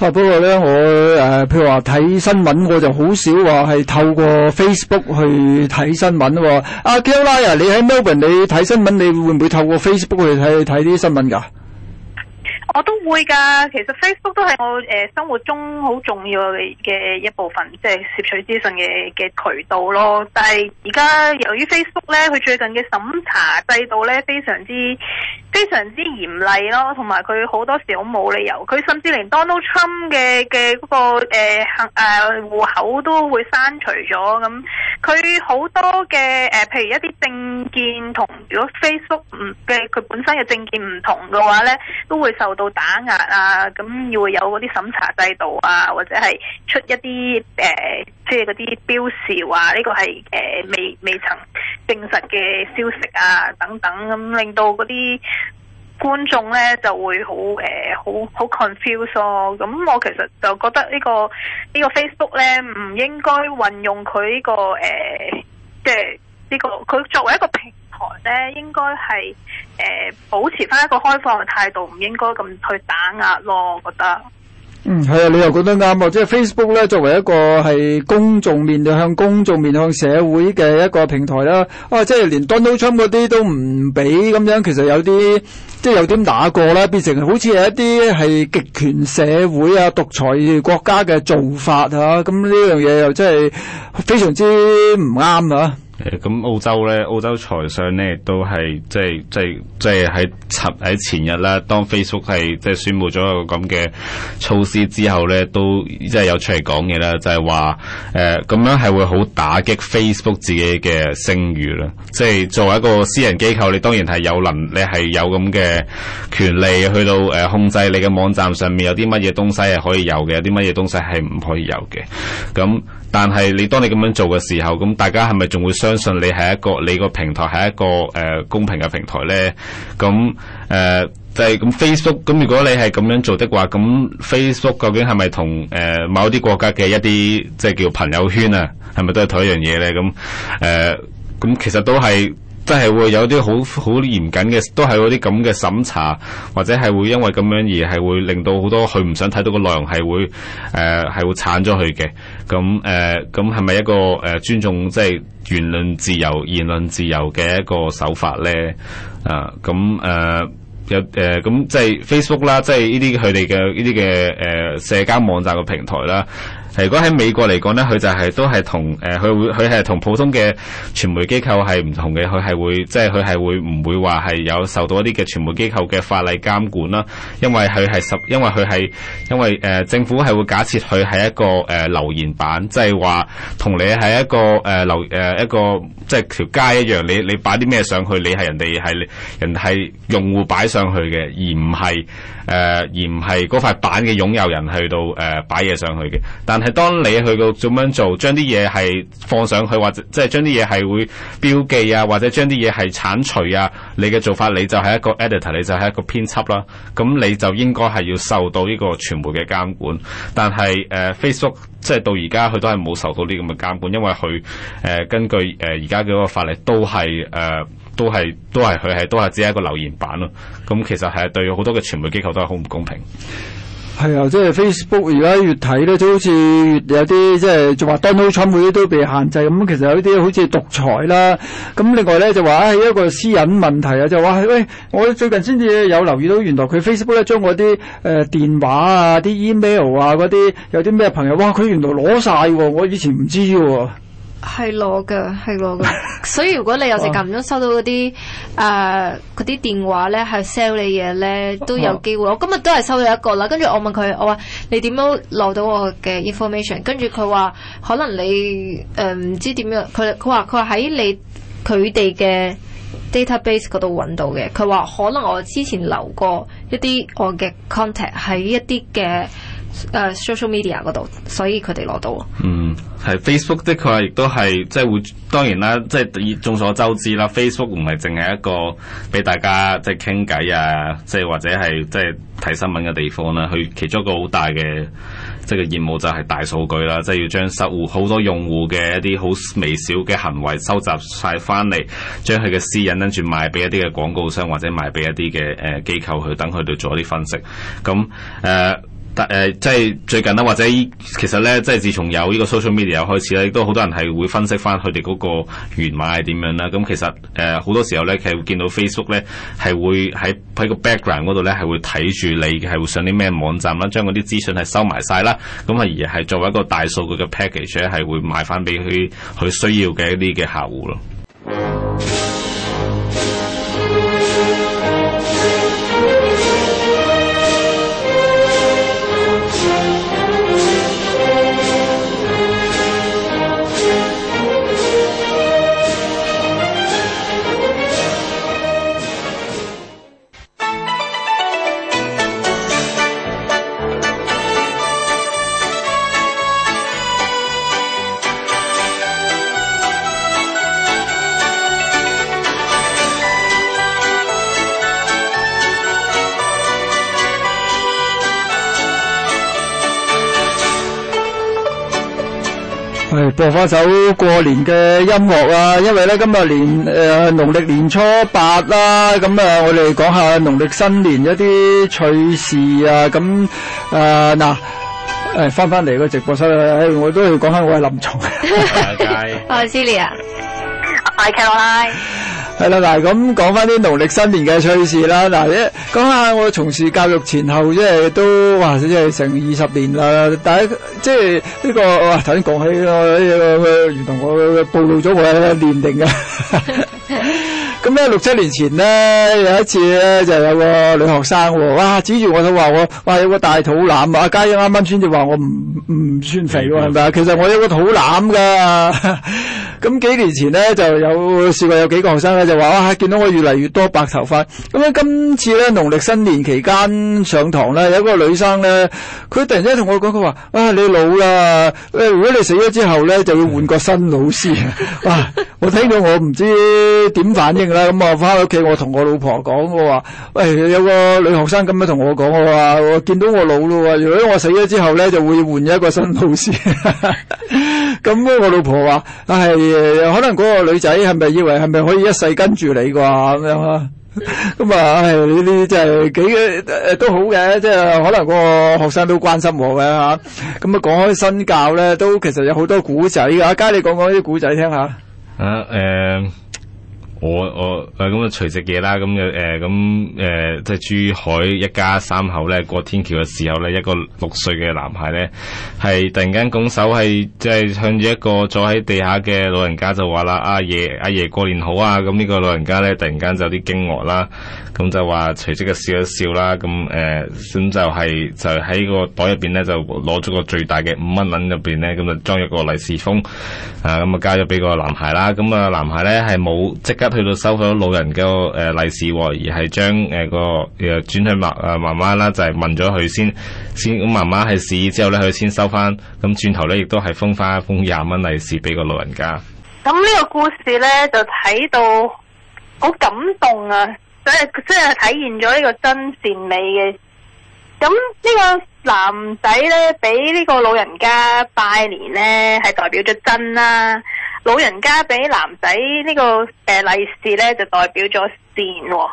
啊？不過咧，我誒、呃，譬如話睇新聞，我就好少話係透過 Facebook 去睇新聞喎。阿 Kola 啊，拉你喺 Melbourne 你睇新聞，你會唔會透過 Facebook 去睇睇啲新聞噶？我都會㗎，其實 Facebook 都係我誒、呃、生活中好重要嘅一部分，即係攝取資訊嘅嘅渠道咯。但係而家由於 Facebook 咧，佢最近嘅審查制度咧非常之非常之嚴厲咯，同埋佢好多時好冇理由，佢甚至連 Donald Trump 嘅嘅嗰個誒、呃、戶口都會刪除咗咁。佢、嗯、好多嘅誒、呃，譬如一啲政見同如果 Facebook 唔、嗯、嘅佢本身嘅政見唔同嘅話咧，都會受到到打壓啊，咁要會有嗰啲審查制度啊，或者係出一啲誒即係嗰啲標示話，啊、呢、呢個係誒、呃、未未曾證實嘅消息啊，等等，咁、嗯、令到嗰啲觀眾咧就會好誒好好 confuse 咯。咁、呃啊嗯、我其實就覺得，呢個呢個、呢個呢個 Facebook 咧唔應該運用佢呢、呢個誒即係呢個佢作為一個。評。咧應該係誒、呃、保持翻一個開放嘅態度，唔應該咁去打壓咯。我覺得嗯係啊，你又講得啱喎。即係 Facebook 咧作為一個係公眾面向、公眾面向社會嘅一個平台啦。啊，即係連 Donald Trump 嗰啲都唔俾咁樣，其實有啲即係有啲打過啦，變成好似係一啲係極權社會啊、獨裁國家嘅做法啊。咁呢樣嘢又真係非常之唔啱啊！咁澳洲呢，澳洲財相呢都係即係即係即係喺前喺前日啦。當 Facebook 係即係、就是、宣布咗個咁嘅措施之後呢都即係、就是、有出嚟講嘢啦，就係話誒咁樣係會好打擊 Facebook 自己嘅聲譽啦。即係作為一個私人機構，你當然係有能，你係有咁嘅權利去到誒、呃、控制你嘅網站上面有啲乜嘢東西係可以有嘅，有啲乜嘢東西係唔可以有嘅。咁但係你當你咁樣做嘅時候，咁大家係咪仲會相信你係一個你個平台係一個誒、呃、公平嘅平台呢？咁誒、呃、就係、是、咁 Facebook，咁如果你係咁樣做的話，咁 Facebook 究竟係咪同誒、呃、某啲國家嘅一啲即係叫朋友圈啊，係咪都係同一樣嘢呢？咁誒咁其實都係。都係會有啲好好嚴謹嘅，都係嗰啲咁嘅審查，或者係會因為咁樣而係會令到好多佢唔想睇到嘅內容係會誒係、呃、會鏟咗佢嘅。咁誒咁係咪一個誒、呃、尊重即係、就是、言論自由、言論自由嘅一個手法咧？啊、呃，咁誒、呃、有誒咁、呃、即係 Facebook 啦，即係呢啲佢哋嘅呢啲嘅誒社交網站嘅平台啦。如果喺美國嚟講咧，佢就係都係同誒，佢、呃、會佢係同普通嘅傳媒機構係唔同嘅，佢係會即係佢係會唔會話係有受到一啲嘅傳媒機構嘅法例監管啦？因為佢係十，因為佢係因為誒、呃、政府係會假設佢係一個誒、呃、留言板，即係話同你係一個誒留誒一個即係、就是、條街一樣，你你擺啲咩上去，你係人哋係人係用戶擺上去嘅，而唔係誒而唔係嗰塊板嘅擁有人去到誒、呃、擺嘢上去嘅，但係。當你去到咁樣做，將啲嘢係放上去，或者即係將啲嘢係會標記啊，或者將啲嘢係剷除啊，你嘅做法，你就係一個 editor，你就係一個編輯啦。咁你就應該係要受到呢個傳媒嘅監管。但係誒、呃、Facebook 即係到而家佢都係冇受到呢咁嘅監管，因為佢誒、呃、根據誒而家嘅嗰個法例都係誒、呃、都係都係佢係都係只係一個留言板咯。咁其實係對好多嘅傳媒機構都係好唔公平。係啊，即係 Facebook 而家越睇咧，即好似有啲即係就話 Donald Trump 啲都被限制咁，嗯。其實有啲好似獨裁啦，咁，嗯、另外咧就話啊，一個私隱問題啊，就話喂，我最近先至有留意到，原來佢 Facebook 咧將我啲誒、呃、電話啊、啲 email 啊嗰啲，些有啲咩朋友哇，佢原來攞晒喎，我以前唔知喎、啊。係攞㗎，係攞㗎， 所以如果你有時間唔中收到嗰啲誒啲電話咧，係 sell 你嘢咧，都有機會。 我今日都係收到一個啦，跟住我問佢，我話你點樣攞到我嘅 information？跟住佢話可能你誒唔、呃、知點樣，佢佢話佢話喺你佢哋嘅 database 嗰度揾到嘅。佢話可能我之前留過一啲我嘅 contact 喺一啲嘅誒 social media 嗰度，所以佢哋攞到。嗯。係 Facebook 的確亦都係即係會當然啦，即係眾所周知啦。Facebook 唔係淨係一個俾大家即係傾偈啊，即係或者係即係睇新聞嘅地方啦。佢其中一個好大嘅即係嘅業務就係大數據啦，即係要將收護好多用戶嘅一啲好微小嘅行為收集晒翻嚟，將佢嘅私隱跟住賣俾一啲嘅廣告商或者賣俾一啲嘅誒機構去等佢哋做一啲分析。咁誒。Uh, 但誒、呃，即係最近啦，或者其實咧，即係自從有呢個 social media 開始咧，亦都好多人係會分析翻佢哋嗰個源碼係點樣啦。咁其實誒好、呃、多時候咧，其實會見到 Facebook 咧係會喺喺個 background 嗰度咧係會睇住你係會上啲咩網站啦，將嗰啲資訊係收埋晒啦。咁啊而係作為一個大數據嘅 package 咧，係會賣翻俾佢佢需要嘅一啲嘅客戶咯。係播翻首過年嘅音樂啊，因為咧今日年誒農曆年初八啦，咁啊、嗯、我哋講下農曆新年一啲趣事啊，咁誒嗱誒翻翻嚟個直播室咧，我都要講下我係林聰。我係 Zelia，我係 Caroline 係啦，嗱咁講翻啲農曆新年嘅趣事啦，嗱， 一講下我從事教育前後，即係都話，即係成二十年啦，但係即係呢個，哇頭先講起，我我如同我暴露咗我年齡呀。咩六七年前咧，有一次咧就係，有個女學生哇、啊啊、指住我就話我，哇有個大肚腩啊！家英啱啱先至話我唔唔算肥喎，係咪啊？嗯、其實我有個肚腩噶。咁 幾年前咧，就有試過有幾個學生咧就話哇、啊，見到我越嚟越多白頭髮。咁咧今次咧，農曆新年期間上堂咧，有一個女生咧，佢突然之間同我講，佢話啊，你老啦！如果你死咗之後咧，就要換個新老師。哇、啊！我聽到我唔知點反應啦～ 咁啊，翻去屋企，我同我老婆講，我話喂，有個女學生咁樣同我講，我話我見到我老咯，如果我死咗之後咧，就會換一個新老師。咁、 嗯、我老婆話，係、哎、可能嗰個女仔係咪以為係咪可以一世跟住你啩咁樣啊？咁啊，呢啲即係幾都好嘅，即係可能個學生都關心我嘅吓。咁啊，講開新教咧，都其實有好多古仔噶，阿嘉你講講啲古仔聽下。啊，誒。咁啊，除夕夜啦，咁就、呃呃、誒咁誒即係珠海一家三口咧過天橋嘅時候咧，一個六歲嘅男孩咧，係突然間拱手係即係向住一個坐喺地下嘅老人家就話啦：阿爺阿爺過年好啊！咁呢個老人家咧，突然間就有啲驚愕啦，咁就話隨即就笑一笑啦，咁誒咁就係、是、就喺、是、個袋入邊咧，就攞咗個最大嘅五蚊銀入邊咧，咁就裝咗個利是封，啊，咁啊交咗俾個男孩啦，咁、那、啊、個、男孩咧係冇即刻去到收咗老人嘅誒利是，而係將誒個又轉去媽誒媽媽啦，就係問咗佢先，先媽媽係試之後咧，佢先收翻，咁轉頭咧亦都係封翻一封廿蚊利是俾個老人家。咁呢個故事咧就睇到好感動啊，即係即係體現咗呢個真善美嘅。咁呢個男仔咧，俾呢個老人家拜年咧，係代表咗真啦。老人家俾男仔，這個呃、呢個誒利是呢，就代表咗善、哦；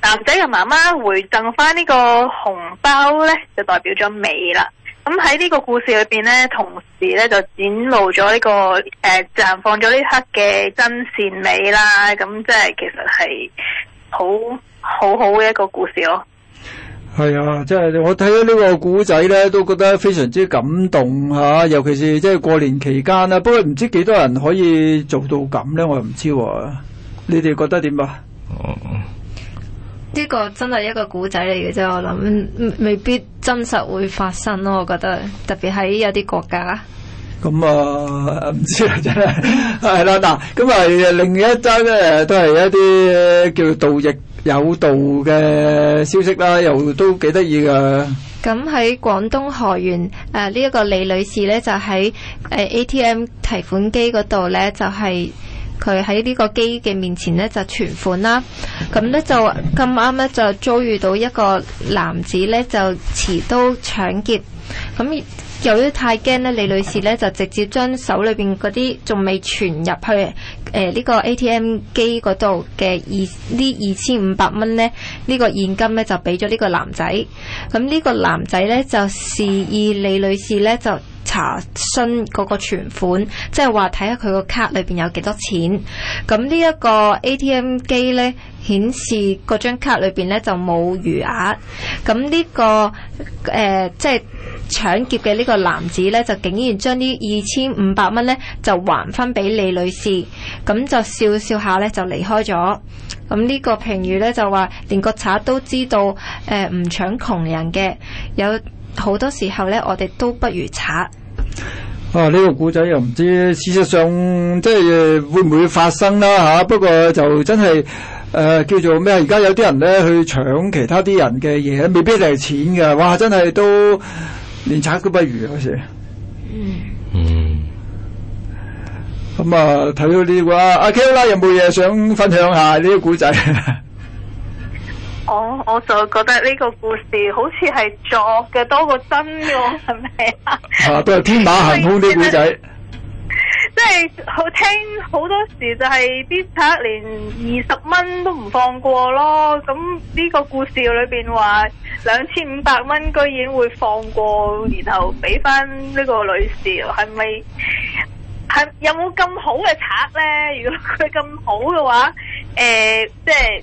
男仔嘅媽媽回贈翻呢個紅包呢，就代表咗美啦。咁喺呢個故事裏邊呢，同時呢，就展露咗呢、這個誒綻、呃、放咗呢刻嘅真善美啦。咁即係其實係好好好嘅一個故事咯。係啊，即、就、係、是、我睇到呢個古仔咧，都覺得非常之感動吓、啊，尤其是即係過年期間啊，不過唔知幾多人可以做到咁咧，我又唔知喎、啊。你哋覺得點啊？呢、啊、個真係一個古仔嚟嘅啫，我諗未，未必真實會發生咯。我覺得特別喺有啲國家。咁、嗯、啊，唔知真係係啦嗱。咁 啊，另一則咧都係一啲、呃、叫做道役。有道嘅消息啦，又都幾得意㗎。咁喺廣東河源，誒呢一個李女士呢，就喺 ATM 提款機嗰度呢，就係佢喺呢個機嘅面前呢，就存款啦。咁呢，就咁啱呢，就遭遇到一個男子呢，就持刀搶劫。咁由於太驚咧，李女士咧就直接將手裏邊嗰啲仲未存入去誒、呃這個、呢個 ATM 機嗰度嘅二呢，二千五百蚊咧，呢個現金咧就俾咗呢個男仔。咁呢個男仔咧就示意李女士咧就，查詢嗰個存款，即係話睇下佢個卡裏邊有幾多錢。咁呢一個 ATM 機呢，顯示嗰張卡裏邊呢就冇餘額。咁呢個誒，即係搶劫嘅呢個男子呢，就竟然將呢二千五百蚊呢，就還返俾李女士。咁就笑笑下呢，就離開咗。咁呢個評語呢，就話，連個賊都知道誒唔搶窮人嘅。有好多時候呢，我哋都不如賊。哦，呢、啊，這個古仔又唔知，事實上即係會唔會發生啦、啊、吓、啊？不過就真係誒、呃，叫做咩？而家有啲人咧去搶其他啲人嘅嘢，未必係錢噶。哇，真係都連賊都不如好似，嗯，咁啊，睇、mm hmm. 啊、到呢個阿 k 啦，ine, 有冇嘢想分享下呢個古仔？ 我我就覺得呢個故事好似係作嘅多過真嘅。哦，係咪啊？吓，都係天馬行空啲故仔。即係好聽，好多時就係啲賊連二十蚊都唔放過咯。咁呢個故事裏邊話兩千五百蚊居然會放過，然後俾翻呢個女士，係咪？係有冇咁好嘅賊咧？如果佢咁好嘅話，誒、呃，即係。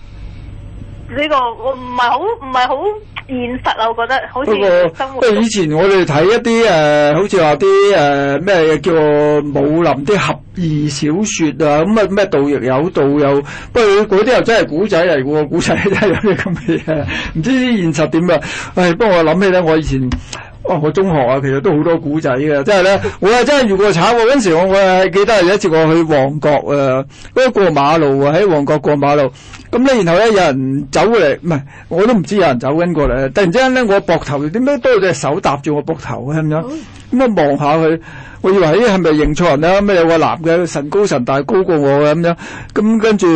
呢、這個我唔係好唔係好現實啊！我覺得好似不過以前我哋睇一啲誒、呃，好似話啲誒咩叫做武林啲俠義小説啊，咁啊咩盜亦有道有。不過嗰啲又真係古仔嚟喎，古仔真係有啲咁嘅嘢，唔知現實點啊！誒不過我諗起咧，我以前啊我中學啊，其實都好多古仔嘅，即係咧，我係真係遇過炒喎！嗰時我我係、呃、記得有一次我去旺角啊，不、呃、過過馬路啊，喺旺角過馬路。咁咧、嗯，然後咧有人走嚟，唔係我都唔知有人走緊過嚟，突然之間咧，我膊頭點解多隻手搭住我膊頭嘅咁樣？嗯咁樣望下佢，我以為咦係咪認錯人啦？咩有個男嘅神高神大高過我咁樣，咁跟住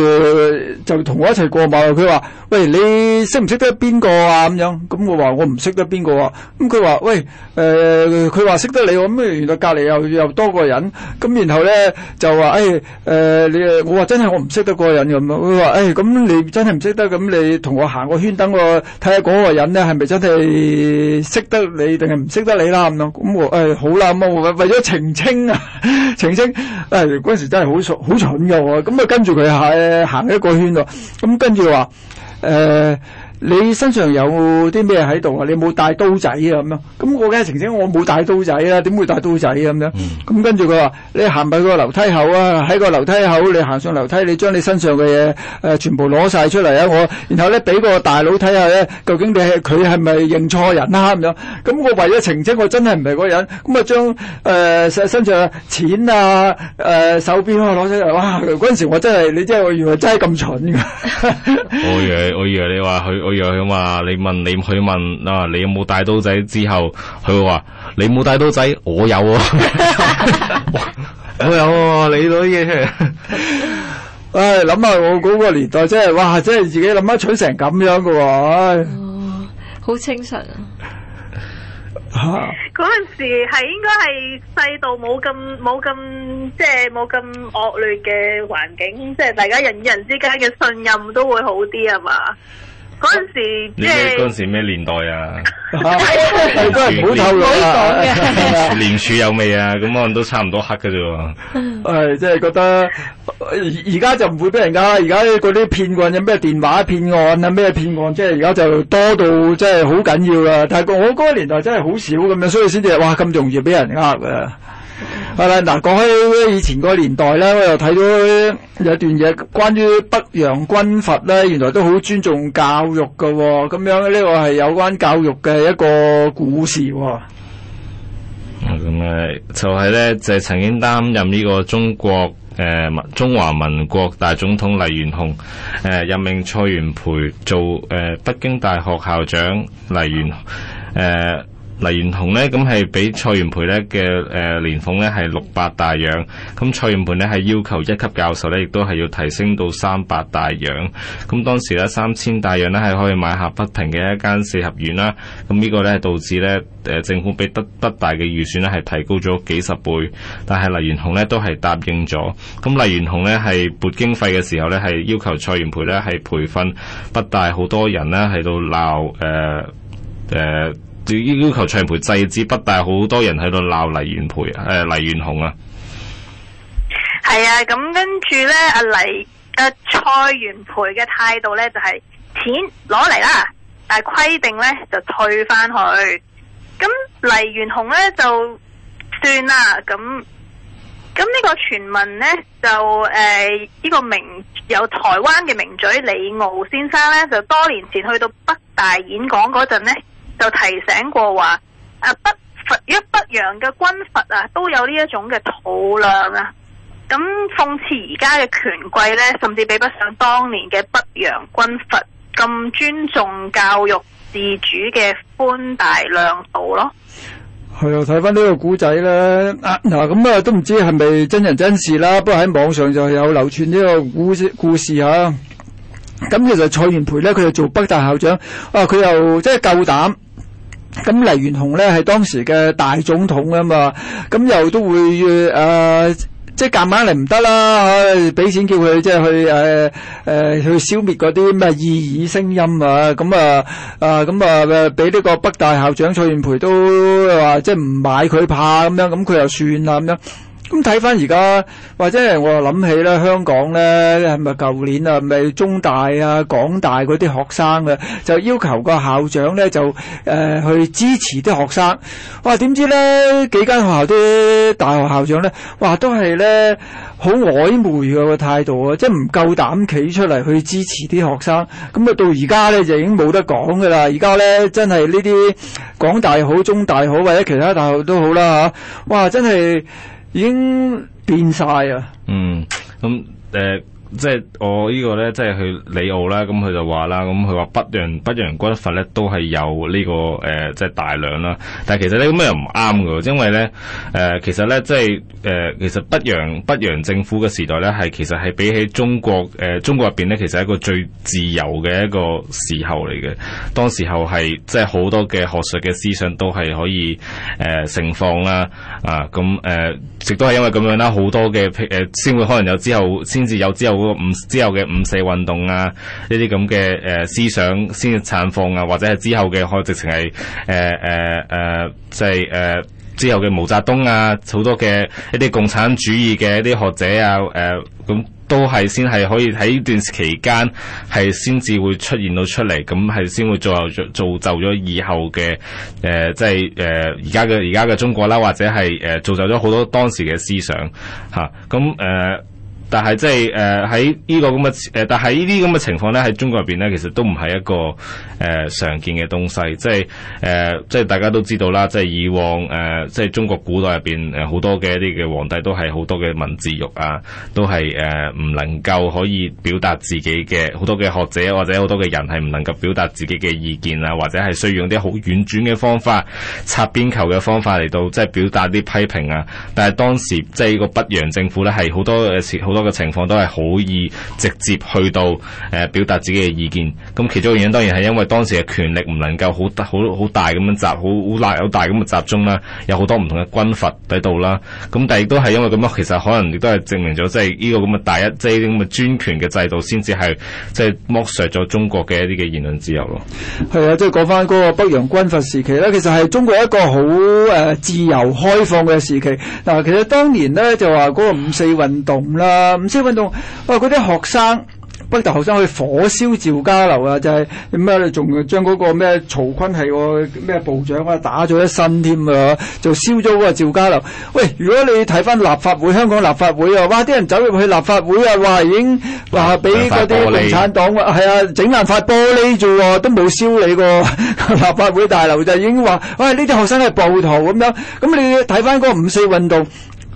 就同我一齊過馬路。佢話，喂，你識唔識得邊個啊？咁樣，咁我話我唔識得邊個啊。咁佢話，喂，誒、呃，佢話識得你咁啊，原來隔離又又多個人。咁然後咧就話，誒、哎，誒、呃，你我話真係我唔識得個人咁。佢話，誒，咁、哎、你真係唔識得，咁你同我行個圈等我睇下嗰個人咧係咪真係識得你定係唔識得你啦、啊？咁樣，樣，咁我誒。哎好啦，咁為為咗澄清啊，澄清，誒 嗰、陣、時真係好傻好蠢噶喎，咁、嗯、啊跟住佢係行一個圈咯，咁、嗯、跟住話誒。呃你身上有啲咩喺度啊？你冇帶刀仔啊？咁樣，咁我梗係澄清，我冇帶刀仔啊，點會帶刀仔啊？咁樣、嗯，咁跟住佢話：你行喺個樓梯口啊，喺個樓梯口你行上樓梯，你將你身上嘅嘢誒全部攞晒出嚟啊！我，然後咧俾個大佬睇下咧，究竟你係佢係咪認錯人啦、啊？咁樣，咁我為咗澄清，我真係唔係嗰人，咁啊將誒身身上錢啊誒、呃、手錶啊攞出嚟，哇！嗰陣時我真係你真係我以為真係咁蠢㗎。 我以為我以為你話佢。咁樣嘛？你問你去問啊，你有冇帶刀仔？之後佢話你冇帶刀仔，我有啊，我有啊，你老嘢！唉，諗下我嗰個年代，真係哇，真係自己諗下，蠢成咁樣噶喎！唉，好清純啊，吓，嗰陣時係應該係制度冇咁冇咁，即係冇咁惡劣嘅環境，即係大家人與人之間嘅信任都會好啲，係嘛？嗰陣時，即嗰時咩年代啊？唔好透露啊！廉廉署有未啊？咁 我都差唔多黑嘅啫喎。係即係覺得而而家就唔會俾人呃㗎。而家嗰啲騙案有咩電話騙案啊？咩騙案？即係而家就多到即係好緊要㗎。但係我嗰個年代真係好少咁樣，所以先至哇咁容易俾人呃㗎。係啦，嗱、啊、講起以前個年代咧，我又睇到有段嘢，關於北洋軍閥咧，原來都好尊重教育噶，哦，咁樣，呢個係有關教育嘅一個故事，哦。啊，咁啊，就係、是、咧，就係、是、曾經擔任呢個中國誒、呃、中華民國大總統黎元洪，誒、呃、任命蔡元培做誒、呃、北京大學校長黎元誒。呃黎元洪咧，咁係畀蔡元培咧嘅誒年俸咧係六百大洋，咁蔡元培咧係要求一級教授咧，亦都係要提升到三百大洋。咁當時咧三千大洋咧係可以買下北平嘅一間四合院啦。咁呢個咧導致咧誒、呃、政府俾北北大嘅預算咧係提高咗幾十倍，但係黎元洪咧都係答應咗。咁黎元洪咧係撥經費嘅時候咧係要求蔡元培咧係培訓北大好多人咧喺度鬧誒誒。要求徐培制止北大，好多人喺度鬧黎元培誒、呃，黎元洪啊，係啊，咁跟住咧阿黎阿、啊、蔡元培嘅態度咧就係、是、錢攞嚟啦，但係規定咧就退翻去，咁黎元洪咧就算啦，咁咁呢個傳聞咧就誒呢、呃這個名有台灣嘅名嘴李敖先生咧，就多年前去到北大演講嗰陣咧。就提醒過話，啊北一北洋嘅軍閥啊，都有呢一種嘅肚量啊。咁諷刺而家嘅權貴咧，甚至比不上當年嘅北洋軍閥咁尊重教育自主嘅寬大量度咯。係啊，睇翻呢個古仔咧，啊嗱咁啊，都唔知係咪真人真事啦。不過喺網上就有流傳呢個故事故事啊。咁其實蔡元培咧，佢就做北大校長，啊佢又真係夠膽。咁黎元洪咧，係當時嘅大總統啊嘛，咁又都會誒、呃，即係夾硬嚟唔得啦，俾、哎、錢叫佢即係去誒誒去消滅嗰啲咩異議聲音啊，咁啊啊咁啊俾呢個北大校長蔡元培都話、呃、即係唔買佢怕咁樣，咁佢又算啦咁樣。咁睇翻而家，或者我又諗起咧，香港咧係咪舊年啊？咪中大啊、港大嗰啲學生嘅、啊、就要求個校長咧，就誒、呃、去支持啲學生。哇！點知咧幾間學校啲大學校長咧，哇都係咧好曖昧個態度啊，即係唔夠膽企出嚟去支持啲學生。咁啊，到而家咧就已經冇得講噶啦。而家咧真係呢啲港大好、中大好，或者其他大學都好啦、啊、吓，哇！真係～已經變晒啊！嗯，咁誒。呃即係我呢個咧，即係去里奧啦，咁、嗯、佢就話啦，咁佢話北洋北洋軍閥咧都係有呢、這個誒、呃、即係大量啦。但係其實咧咁樣又唔啱嘅，因為咧誒、呃、其實咧即係誒、呃、其實北洋北洋政府嘅時代咧，係其實係比起中國誒、呃、中國入邊咧，其實係一個最自由嘅一個時候嚟嘅。當時候係即係好多嘅學術嘅思想都係可以誒、呃、盛放啦，啊咁誒亦都係因為咁樣啦，好多嘅誒先會可能有之後先至有之後。五之後嘅五四運動啊，呢啲咁嘅誒思想先至綻放啊，或者係之後嘅可以直情係誒誒誒，即係誒之後嘅毛澤東啊，好多嘅一啲共產主義嘅一啲學者啊，誒、呃、咁都係先係可以喺呢段期間係先至會出現到出嚟，咁係先會再造就咗以後嘅誒，即係誒而家嘅而家嘅中國啦，或者係誒造就咗好多當時嘅思想吓，咁、啊、誒。但係即係誒喺呢個咁嘅誒但係呢啲咁嘅情況咧喺中國入邊咧，其實都唔係一個誒、呃、常見嘅東西。即係誒、呃、即係大家都知道啦，即係以往誒、呃、即係中國古代入邊誒好多嘅一啲嘅皇帝都係好多嘅文字獄啊，都係誒唔能夠可以表達自己嘅好多嘅學者或者好多嘅人係唔能夠表達自己嘅意見啊，或者係需要用啲好婉轉嘅方法、擦邊球嘅方法嚟,到即係表達啲批評啊。但係當時即係呢個北洋政府咧係好多嘅時好多。個情況都係可以直接去到誒、呃、表達自己嘅意見。咁其中嘅原因當然係因為當時嘅權力唔能夠好好好大咁樣集，好好大好大咁嘅集中啦。有好多唔同嘅軍閥喺度啦。咁但係亦都係因為咁樣，其實可能亦都係證明咗，即係呢個咁嘅大一，即係呢個咁嘅專權嘅制度，先至係即係剝削咗中國嘅一啲嘅言論自由咯。係啊，即係講翻嗰個北洋軍閥時期咧，其實係中國一個好誒、呃、自由開放嘅時期。嗱、呃，其實當年咧就話嗰個五四運動啦。五四運動，哇、哎！嗰啲學生北大學生去火燒趙家樓啊，就係、是、你仲將嗰個咩曹坤係個、哦、咩部長啊，打咗一身添啊，就燒咗嗰個趙家樓。喂，如果你睇翻立法會，香港立法會啊，哇！啲人走入去立法會啊，話已經話俾嗰啲共產黨，係啊，整爛塊玻璃咋喎、啊，都冇燒你個、啊、 立法會大樓就已經話，喂、哎，呢啲學生係暴徒咁、啊、樣。咁你睇翻嗰個五四運動。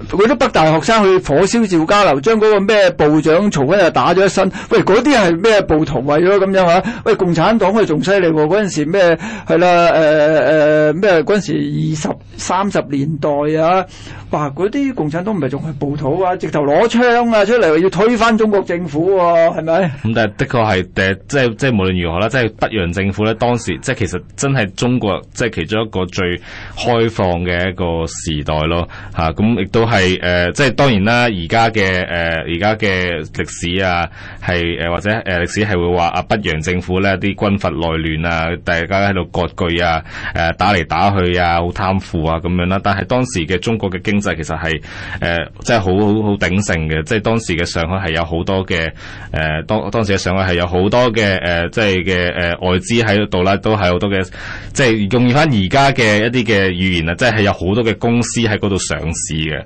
嗰啲北大學生去火燒趙家樓，將嗰個咩部長曹輝又打咗一身。喂，嗰啲係咩暴徒嚟、啊、咯？咁樣嚇、啊。喂，共產黨佢仲犀利喎！嗰陣時咩係啦？誒誒咩？嗰、呃、陣時二十三十年代啊，哇！嗰啲共產黨唔係仲係暴徒啊，直頭攞槍啊出嚟，要推翻中國政府喎、啊，係咪？咁但係的確係誒，即係即係無論如何啦，即係北洋政府咧，當時即係其實真係中國即係其中一個最開放嘅一個時代咯。嚇、啊，咁亦都係。係誒、呃，即係當然啦。而家嘅誒，而家嘅歷史啊，係誒、呃、或者誒歷、呃、史係會話啊北洋政府呢啲軍閥內亂啊，大家喺度割據啊，誒、呃、打嚟打去啊，好貪腐啊咁樣啦。但係當時嘅中國嘅經濟其實係誒、呃，即係好好好鼎盛嘅。即係當時嘅上海係有好多嘅誒、呃，當當時嘅上海係有好多嘅誒、呃，即係嘅誒外資喺度啦，都係好多嘅，即係用返而家嘅一啲嘅語言啊，即係有好多嘅公司喺嗰度上市嘅。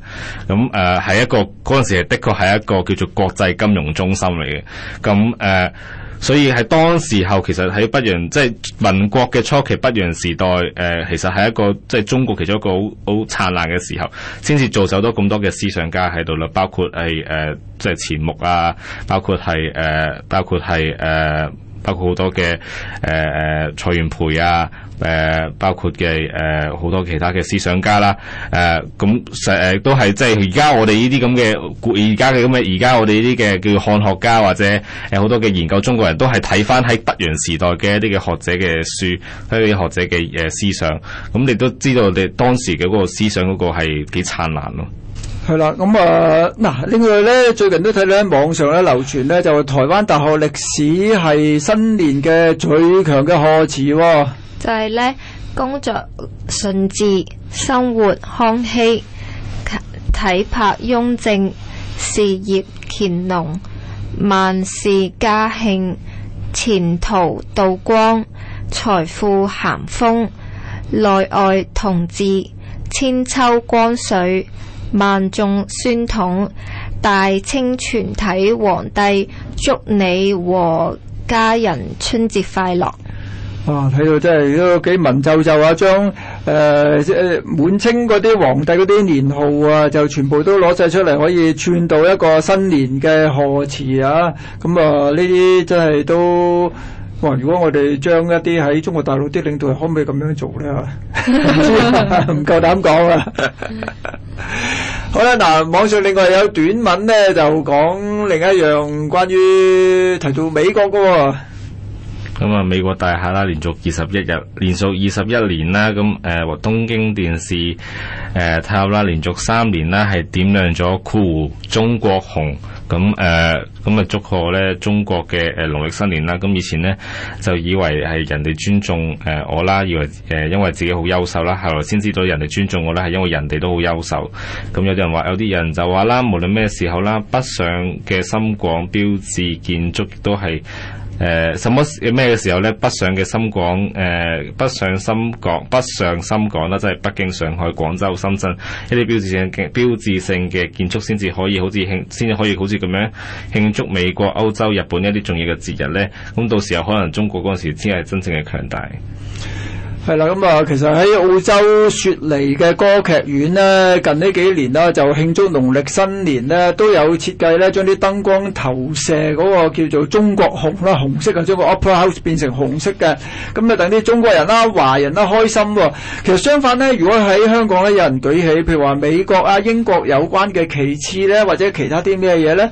咁誒，係、呃、一個嗰陣時係的確係一個叫做國際金融中心嚟嘅。咁誒、呃，所以喺當時候，其實喺北洋，即、就、係、是、民國嘅初期北洋時代，誒、呃，其實係一個即係、就是、中國其中一個好好燦爛嘅時候，先至造就咗咁多嘅思想家喺度啦。包括係誒，即、呃、係、就是、錢穆啊，包括係誒、呃，包括係誒、呃，包括好、呃、多嘅誒誒，蔡、呃、元、呃、培啊。誒、呃、包括嘅誒好多其他嘅思想家啦，誒咁實都係即係而家我哋呢啲咁嘅古而家嘅咁嘅而家我哋呢啲嘅叫漢學家或者有好多嘅研究中國人都係睇翻喺北洋時代嘅一啲嘅學者嘅書，佢學者嘅誒思想，咁、嗯、你都知道我哋當時嘅嗰個思想嗰個係幾燦爛咯。係啦，咁、嗯、啊，嗱，另外咧最近都睇到喺網上咧流傳咧，就係台灣大學歷史系新年嘅最強嘅賀詞喎。就係咧，工作順治，生活康熙，體魄雍正，事業乾隆，萬事嘉慶，前途道光，財富咸豐，內外同治，千秋光緒，萬眾宣統，大清全體皇帝，祝你和家人春節快樂。哇！睇到真係都幾文縐縐啊，將誒誒滿清嗰啲皇帝嗰啲年號啊，就全部都攞晒出嚟，可以串到一個新年嘅賀詞啊！咁啊，呢啲真係都哇、啊！如果我哋將一啲喺中國大陸啲領導人可唔可以咁樣做咧？唔 夠膽講啊！ 好啦、啊，嗱、啊，網上另外有短文咧，就講另一樣關於提到美國嘅咁啊，美國大廈啦，連續二十一日，連續二十一年啦，咁誒和東京電視誒塔啦，連續三年啦，係點亮咗酷中國紅。咁、嗯、誒，咁、呃、啊，祝賀咧中國嘅誒農曆新年啦。咁以前咧就以為係人哋尊重誒我啦，以為誒因為自己好優秀啦，後來先知道人哋尊重我咧係因為人哋都好優秀。咁有啲人話，有啲人，人就話啦，無論咩時候啦，北上嘅深廣標誌建築都係。誒、呃、什麼咩嘅時候呢？北上嘅深港誒、呃，北上深港，北上深港啦，即係北京、上海、廣州、深圳一啲標誌性標誌性嘅建築，先至可以好似慶，先至可以好似咁樣慶祝美國、歐洲、日本一啲重要嘅節日呢？咁、嗯、到時候可能中國嗰陣時先係真正嘅強大。係啦，咁啊，其實喺澳洲雪梨嘅歌劇院呢，近呢幾年啦，就慶祝農曆新年呢，都有設計呢，將啲燈光投射嗰個叫做中國紅啦，紅色啊，將個 Opera House 變成紅色嘅，咁啊，等啲中國人啦、華人啦開心喎、哦。其實相反呢，如果喺香港呢，有人舉起，譬如話美國啊、英國有關嘅旗幟呢，或者其他啲咩嘢呢，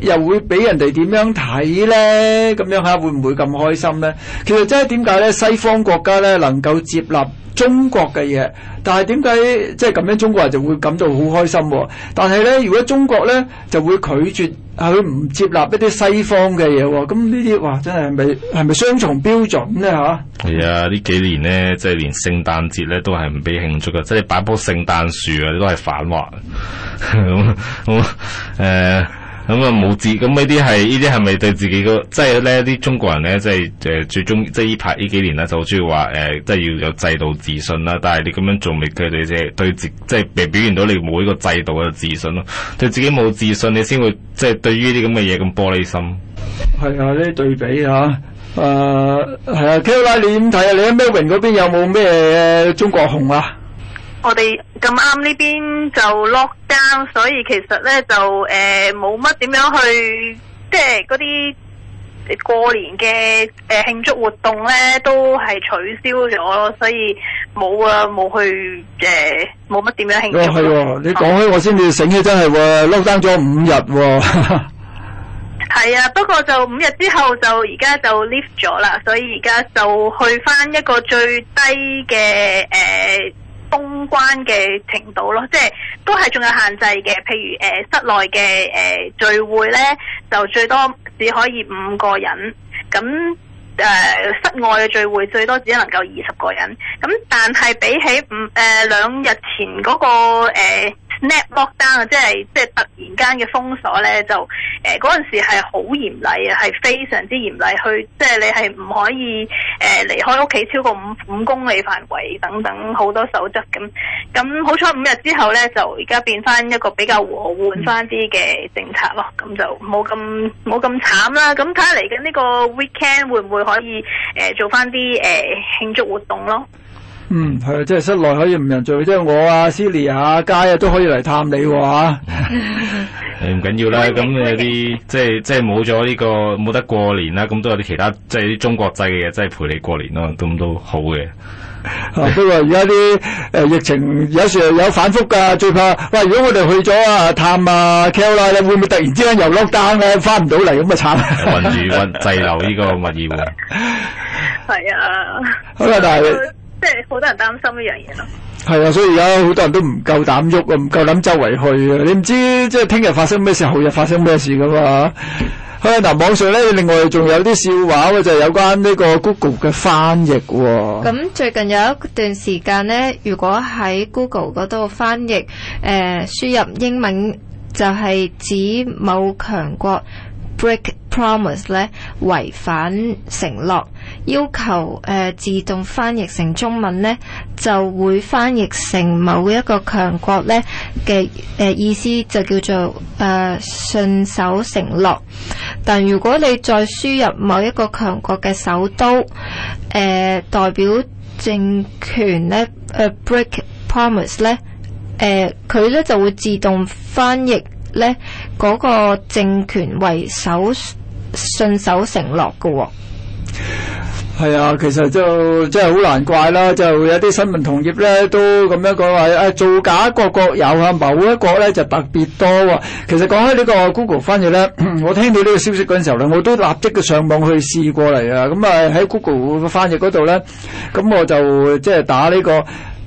又會俾人哋點樣睇呢？咁樣吓會唔會咁開心呢？其實真係點解呢？西方國家呢，能夠有接納中國嘅嘢，但係點解即係咁樣，中國人就會感到好開心、哦？但係咧，如果中國咧就會拒絕佢唔接納一啲西方嘅嘢、哦，咁呢啲哇，真係咪係咪雙重標準咧？吓係啊！呢幾年咧，即係連聖誕節咧都係唔俾慶祝噶，即係擺棵聖誕樹啊，你都係反華。咁 誒、嗯。嗯嗯。咁啊冇自，咁呢啲係呢啲係咪對自己個，即係咧啲中國人咧，即係誒最中，即係呢排呢幾年咧就好中意話誒，即、嗯、係、即係、要有制度自信啦。但係你咁樣做未，未佢哋即係對自己，即係未表現到你冇一個制度嘅自信咯。對自己冇自信，你先會即係、即係、對於啲咁嘅嘢咁玻璃心。係啊，呢啲對比啊，誒係啊，Kyla 你點睇啊？啊你喺 Melbourne 嗰邊有冇咩中國紅啊？我哋咁啱呢邊就 lock down，所以其實咧就誒冇乜點樣去，即係嗰啲過年嘅誒慶祝活動咧都係取消咗，所以冇啊冇去誒冇乜點樣慶祝。係、哦哦、你講起我先至醒起，啊、起真係喎，lock down 咗五日、啊。係 啊，不過就五日之後就而家就 lift 咗啦，所以而家就去返一個最低嘅誒。呃封關嘅程度咯，即係都係仲有限制嘅。譬如誒、呃，室內嘅誒聚會呢，就最多只可以五個人。咁誒、呃，室外嘅聚會最多只能夠二十個人。咁但係比起唔誒兩日前嗰，那個誒。呃 net lockdown 啊，即係即係突然間嘅封鎖咧，就誒嗰陣時係好嚴厲啊，係非常之嚴厲，去即係你係唔可以誒、呃、離開屋企超過五五公里範圍，等等好多守則咁。咁好彩五日之後咧，就而家變翻一個比較和緩翻啲嘅政策咯，咁就冇咁冇咁慘啦。咁睇下嚟緊呢個 weekend 會唔會可以誒、呃、做翻啲誒慶祝活動咯？嗯，係即係室內可以唔人聚，即係我啊、Cindy 啊、佳啊都可以嚟探你喎吓。唔緊要啦，咁有啲即係即係冇咗呢個冇得過年啦，咁都有啲其他即係啲中國製嘅嘢，即係陪你過年咯，咁都好嘅。不過而家啲誒疫情有時候有反覆噶，最怕喂，如果我哋去咗啊探啊 Kel 啦，會唔會突然之間又 lockdown 啊，翻唔到嚟咁啊慘？困住，困滯留呢個物業。係啊。好啊，大爺。即係好多人擔心呢樣嘢咯，係啊，所以而家好多人都唔夠膽喐啊，唔夠膽周圍去啊，你唔知即係聽日發生咩事，後日發生咩事噶嘛？啊、 嗯，嗱網上咧，另外仲有啲笑話嘅就係，有關呢個 Google 嘅翻譯。咁最近有一段時間咧，如果喺 Google 嗰度翻譯，誒、呃、輸入英文就係指某強國 break。Promise 咧違反承諾，要求誒、呃、自動翻譯成中文咧，就會翻譯成某一個強國咧嘅誒意思，就叫做誒、呃、信守承諾。但如果你再輸入某一個強國嘅首都，誒、呃、代表政權咧 break promise 咧，誒佢咧就會自動翻譯咧嗰個政權為首。信守承諾嘅、哦，係啊，其實就真係好難怪啦，就有啲新聞同業咧都咁樣講話，誒、啊，造假個個有啊，某一個咧就特別多、哦。其實講起、這個、呢個 Google 翻譯咧，我聽到呢個消息嗰陣時候咧，我都立即嘅上網去試過嚟啊，咁啊喺 Google 翻譯嗰度咧，咁我就即係打呢個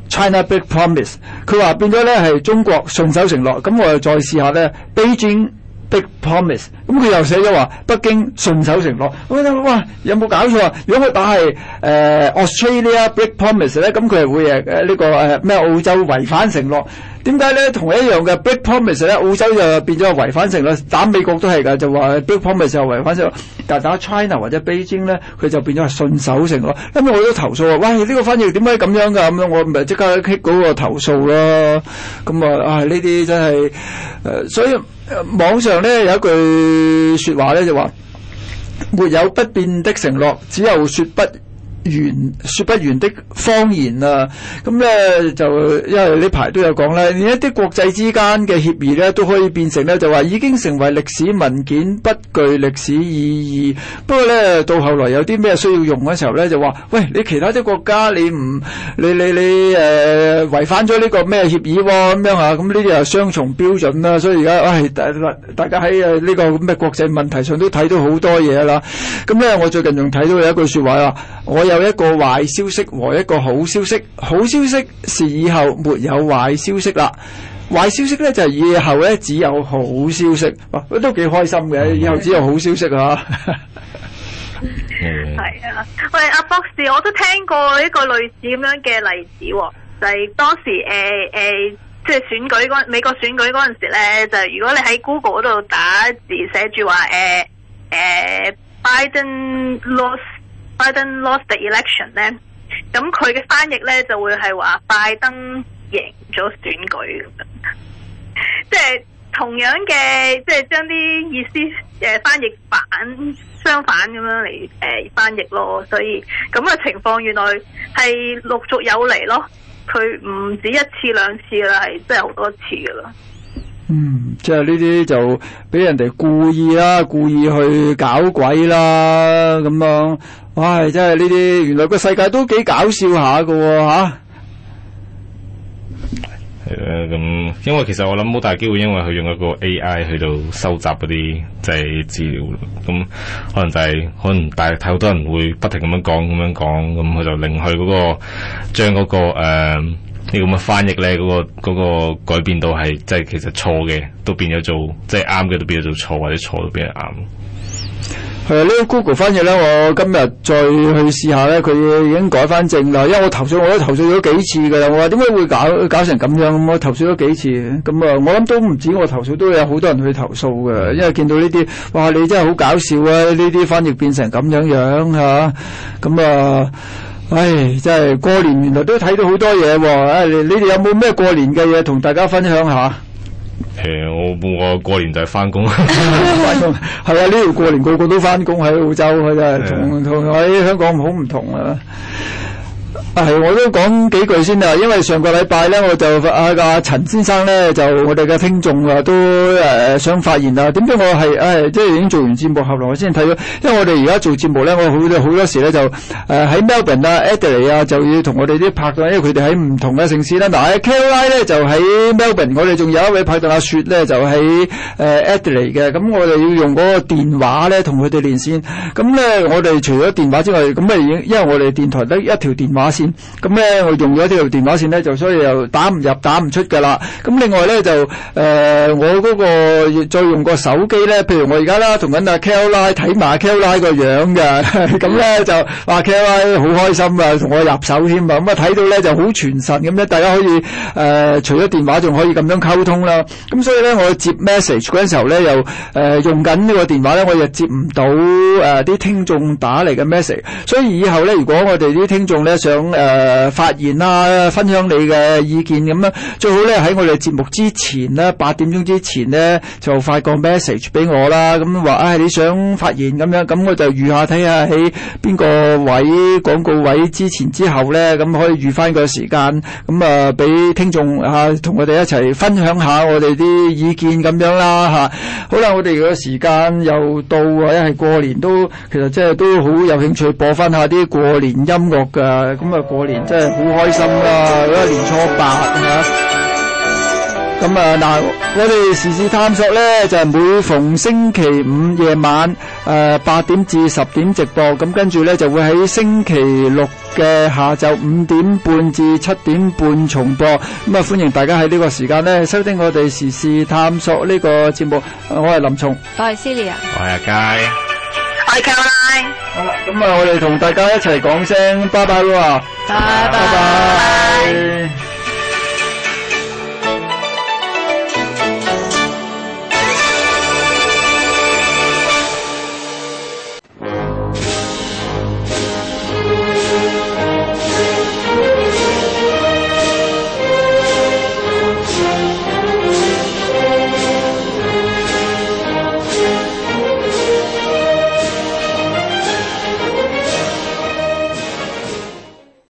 China Big Promise，佢話變咗咧係中國信守承諾，咁我又再試下咧 Beijing。Big promise，咁、嗯、佢又寫咗話北京順守承諾。我哇，哇，有冇搞錯啊？如果佢打係誒、呃、Australia big promise 咧、嗯，咁佢係會誒誒呢個誒咩、呃、澳洲違反承諾？點解咧？同一樣嘅 big promise 咧，澳洲就變咗違反承諾。打美國都係㗎，就話 big promise 又違反承諾。但係打 China 或者北京咧，佢就變咗係順守承諾。咁樣我都投訴啊！喂，呢、呢個翻譯點解咁樣㗎？咁、嗯、樣我咪即刻 kick 嗰個投訴啦。咁啊啊，呢、哎、啲真係誒、呃，所以。網上呢有一句說話呢，就話，沒有不變的承諾，只有說不完説不完的謊言啊！咁、嗯、咧就因為呢排都有講啦。你一啲國際之間嘅協議咧都可以變成咧，就話已經成為歷史文件，不具歷史意義。不過咧到後來有啲咩需要用嘅時候咧，就話喂，你其他啲國家你唔你你你誒、呃、違反咗呢個咩協議咁樣啊？咁呢啲又雙重標準啦、啊。所以而家唉，大家喺啊呢個咩嘅國際問題上都睇到好多嘢啦。咁、嗯、咧我最近仲睇到有一句説話啊。我。有一個壞消息和一個好消息，好消息是以後沒有壞消息啦，壞消息咧就係、是、以後咧只有好消息，都幾開心嘅，以後只有好消息啊！係 啊，喂阿博士，我都聽過一個類似咁樣嘅例子、哦，就係、是、當時誒誒、呃呃，即係選舉嗰美國選舉嗰陣時咧，就係如果你喺 Google 嗰度打字寫住話，誒、呃、誒，拜登 loss。拜登 lost the election 咧，咁佢嘅翻譯咧就會係話拜登贏咗選舉咁樣，即 係同樣嘅，即係將啲意思誒、呃、翻譯反相反咁樣嚟誒翻譯咯，所以咁嘅情況原來係陸續有嚟咯，佢唔止一次兩次啦，係真係好多次噶啦。嗯，即係呢啲就俾人哋故意啦，故意去搞鬼啦，咁樣、啊，唉，真係呢啲，原來個世界都幾搞笑下噶吓。係啊，咁、啊、因為其實我諗好大機會，因為佢用一個 AI 去到收集嗰啲即係資料，咁可能就係、是、可能大睇好多人會不停咁樣講，咁樣講，咁佢就令佢嗰個將嗰、嗰個誒。呃呢個咁嘅翻譯咧，嗰個嗰個改變到係即係其實錯嘅，都變咗做即係啱嘅，都變咗做錯，或者錯都變咗啱。係啊，呢個 Google 翻譯咧，我今日再去試下咧，佢已經改翻正啦。因為我投訴，我都投訴咗幾次㗎啦。我話點解會搞搞成咁樣？我投訴咗幾次，咁啊，我諗都唔止我投訴，都有好多人去投訴㗎。因為見到呢啲，哇！你真係好搞笑啊！呢啲翻譯變成咁樣樣嚇，咁啊～唉、哎，真係過年原來都睇到好多嘢喎，啊！唉、哎，你哋有冇咩過年嘅嘢同大家分享下？誒，欸，我我過年就係翻工，翻工係啊！呢度過年個個都翻工喺澳洲，佢就係同同喺香港好唔同啊！啊，係我都講幾句先啊！因為上個禮拜咧，我就阿阿陳先生咧，就我哋嘅聽眾啊，都誒、啊、想發言啊。點解我係誒、哎、即係已經做完節目，後來我先睇到，因為我哋而家做節目咧，我好好多時咧就誒喺 Melbourne 啊、Adelaide 啊，就要同我哋啲拍檔，因為佢哋喺唔同嘅城市啦，嗱喺 Queensland 咧就喺 Melbourne，我哋仲有一位拍檔阿雪咧就喺誒 Adelaide 嘅。咁、呃、我哋要用個電話咧同佢哋連線，咁咧我哋除咗電話之外，咁咧因為我哋電台得一條電話線。咁咧、嗯，我用咗呢條電話線咧，就所以又打唔入、打唔出嘅啦。咁、嗯、另外咧就誒、呃，我嗰、嗰個再用個手機咧，譬如我而家啦，同緊阿 k e l 睇埋 k e l l 個樣嘅，咁 咧、嗯嗯、就話、啊、k e l 好開心啊，同我入手添啊。咁、嗯、啊，睇、嗯、到咧就好全神咁咧，大家可以誒、呃、除咗電話仲可以咁樣溝通啦。咁、嗯、所以咧，我接 message 嗰陣時候咧，又誒、呃、用緊呢個電話咧，我又接唔到誒啲、呃、聽眾打嚟嘅 message。所以以後咧，如果我哋啲聽眾咧想，誒、呃、發言啦、啊，分享你嘅意見，咁樣最好咧，喺我哋節目之前咧，八點鐘之前咧就發個 message 俾我啦，咁話啊，啊你想發言咁樣，咁我就預下睇下喺邊個位廣告位之前之後咧，咁可以預翻個時間咁啊俾聽眾吓同我哋一齊分享下我哋啲意見咁樣啦吓、啊、好啦，我哋個時間又到啊，一係過年都其實即係都好有興趣播翻下啲過年音樂噶，咁啊～過年真係好開心啦，因為年初八吓，咁啊，嗱，我哋時事探索呢就係每逢星期五夜晚誒八點至十點直播，咁跟住呢就會喺星期六嘅下晝五點半至七點半重播，咁啊歡迎大家喺呢個時間呢收聽我哋時事探索呢個節目，我係林聰，我係 Celia，我係阿佳。拜拜！好啦，咁啊，我哋同大家一齊講聲拜拜啦，拜拜。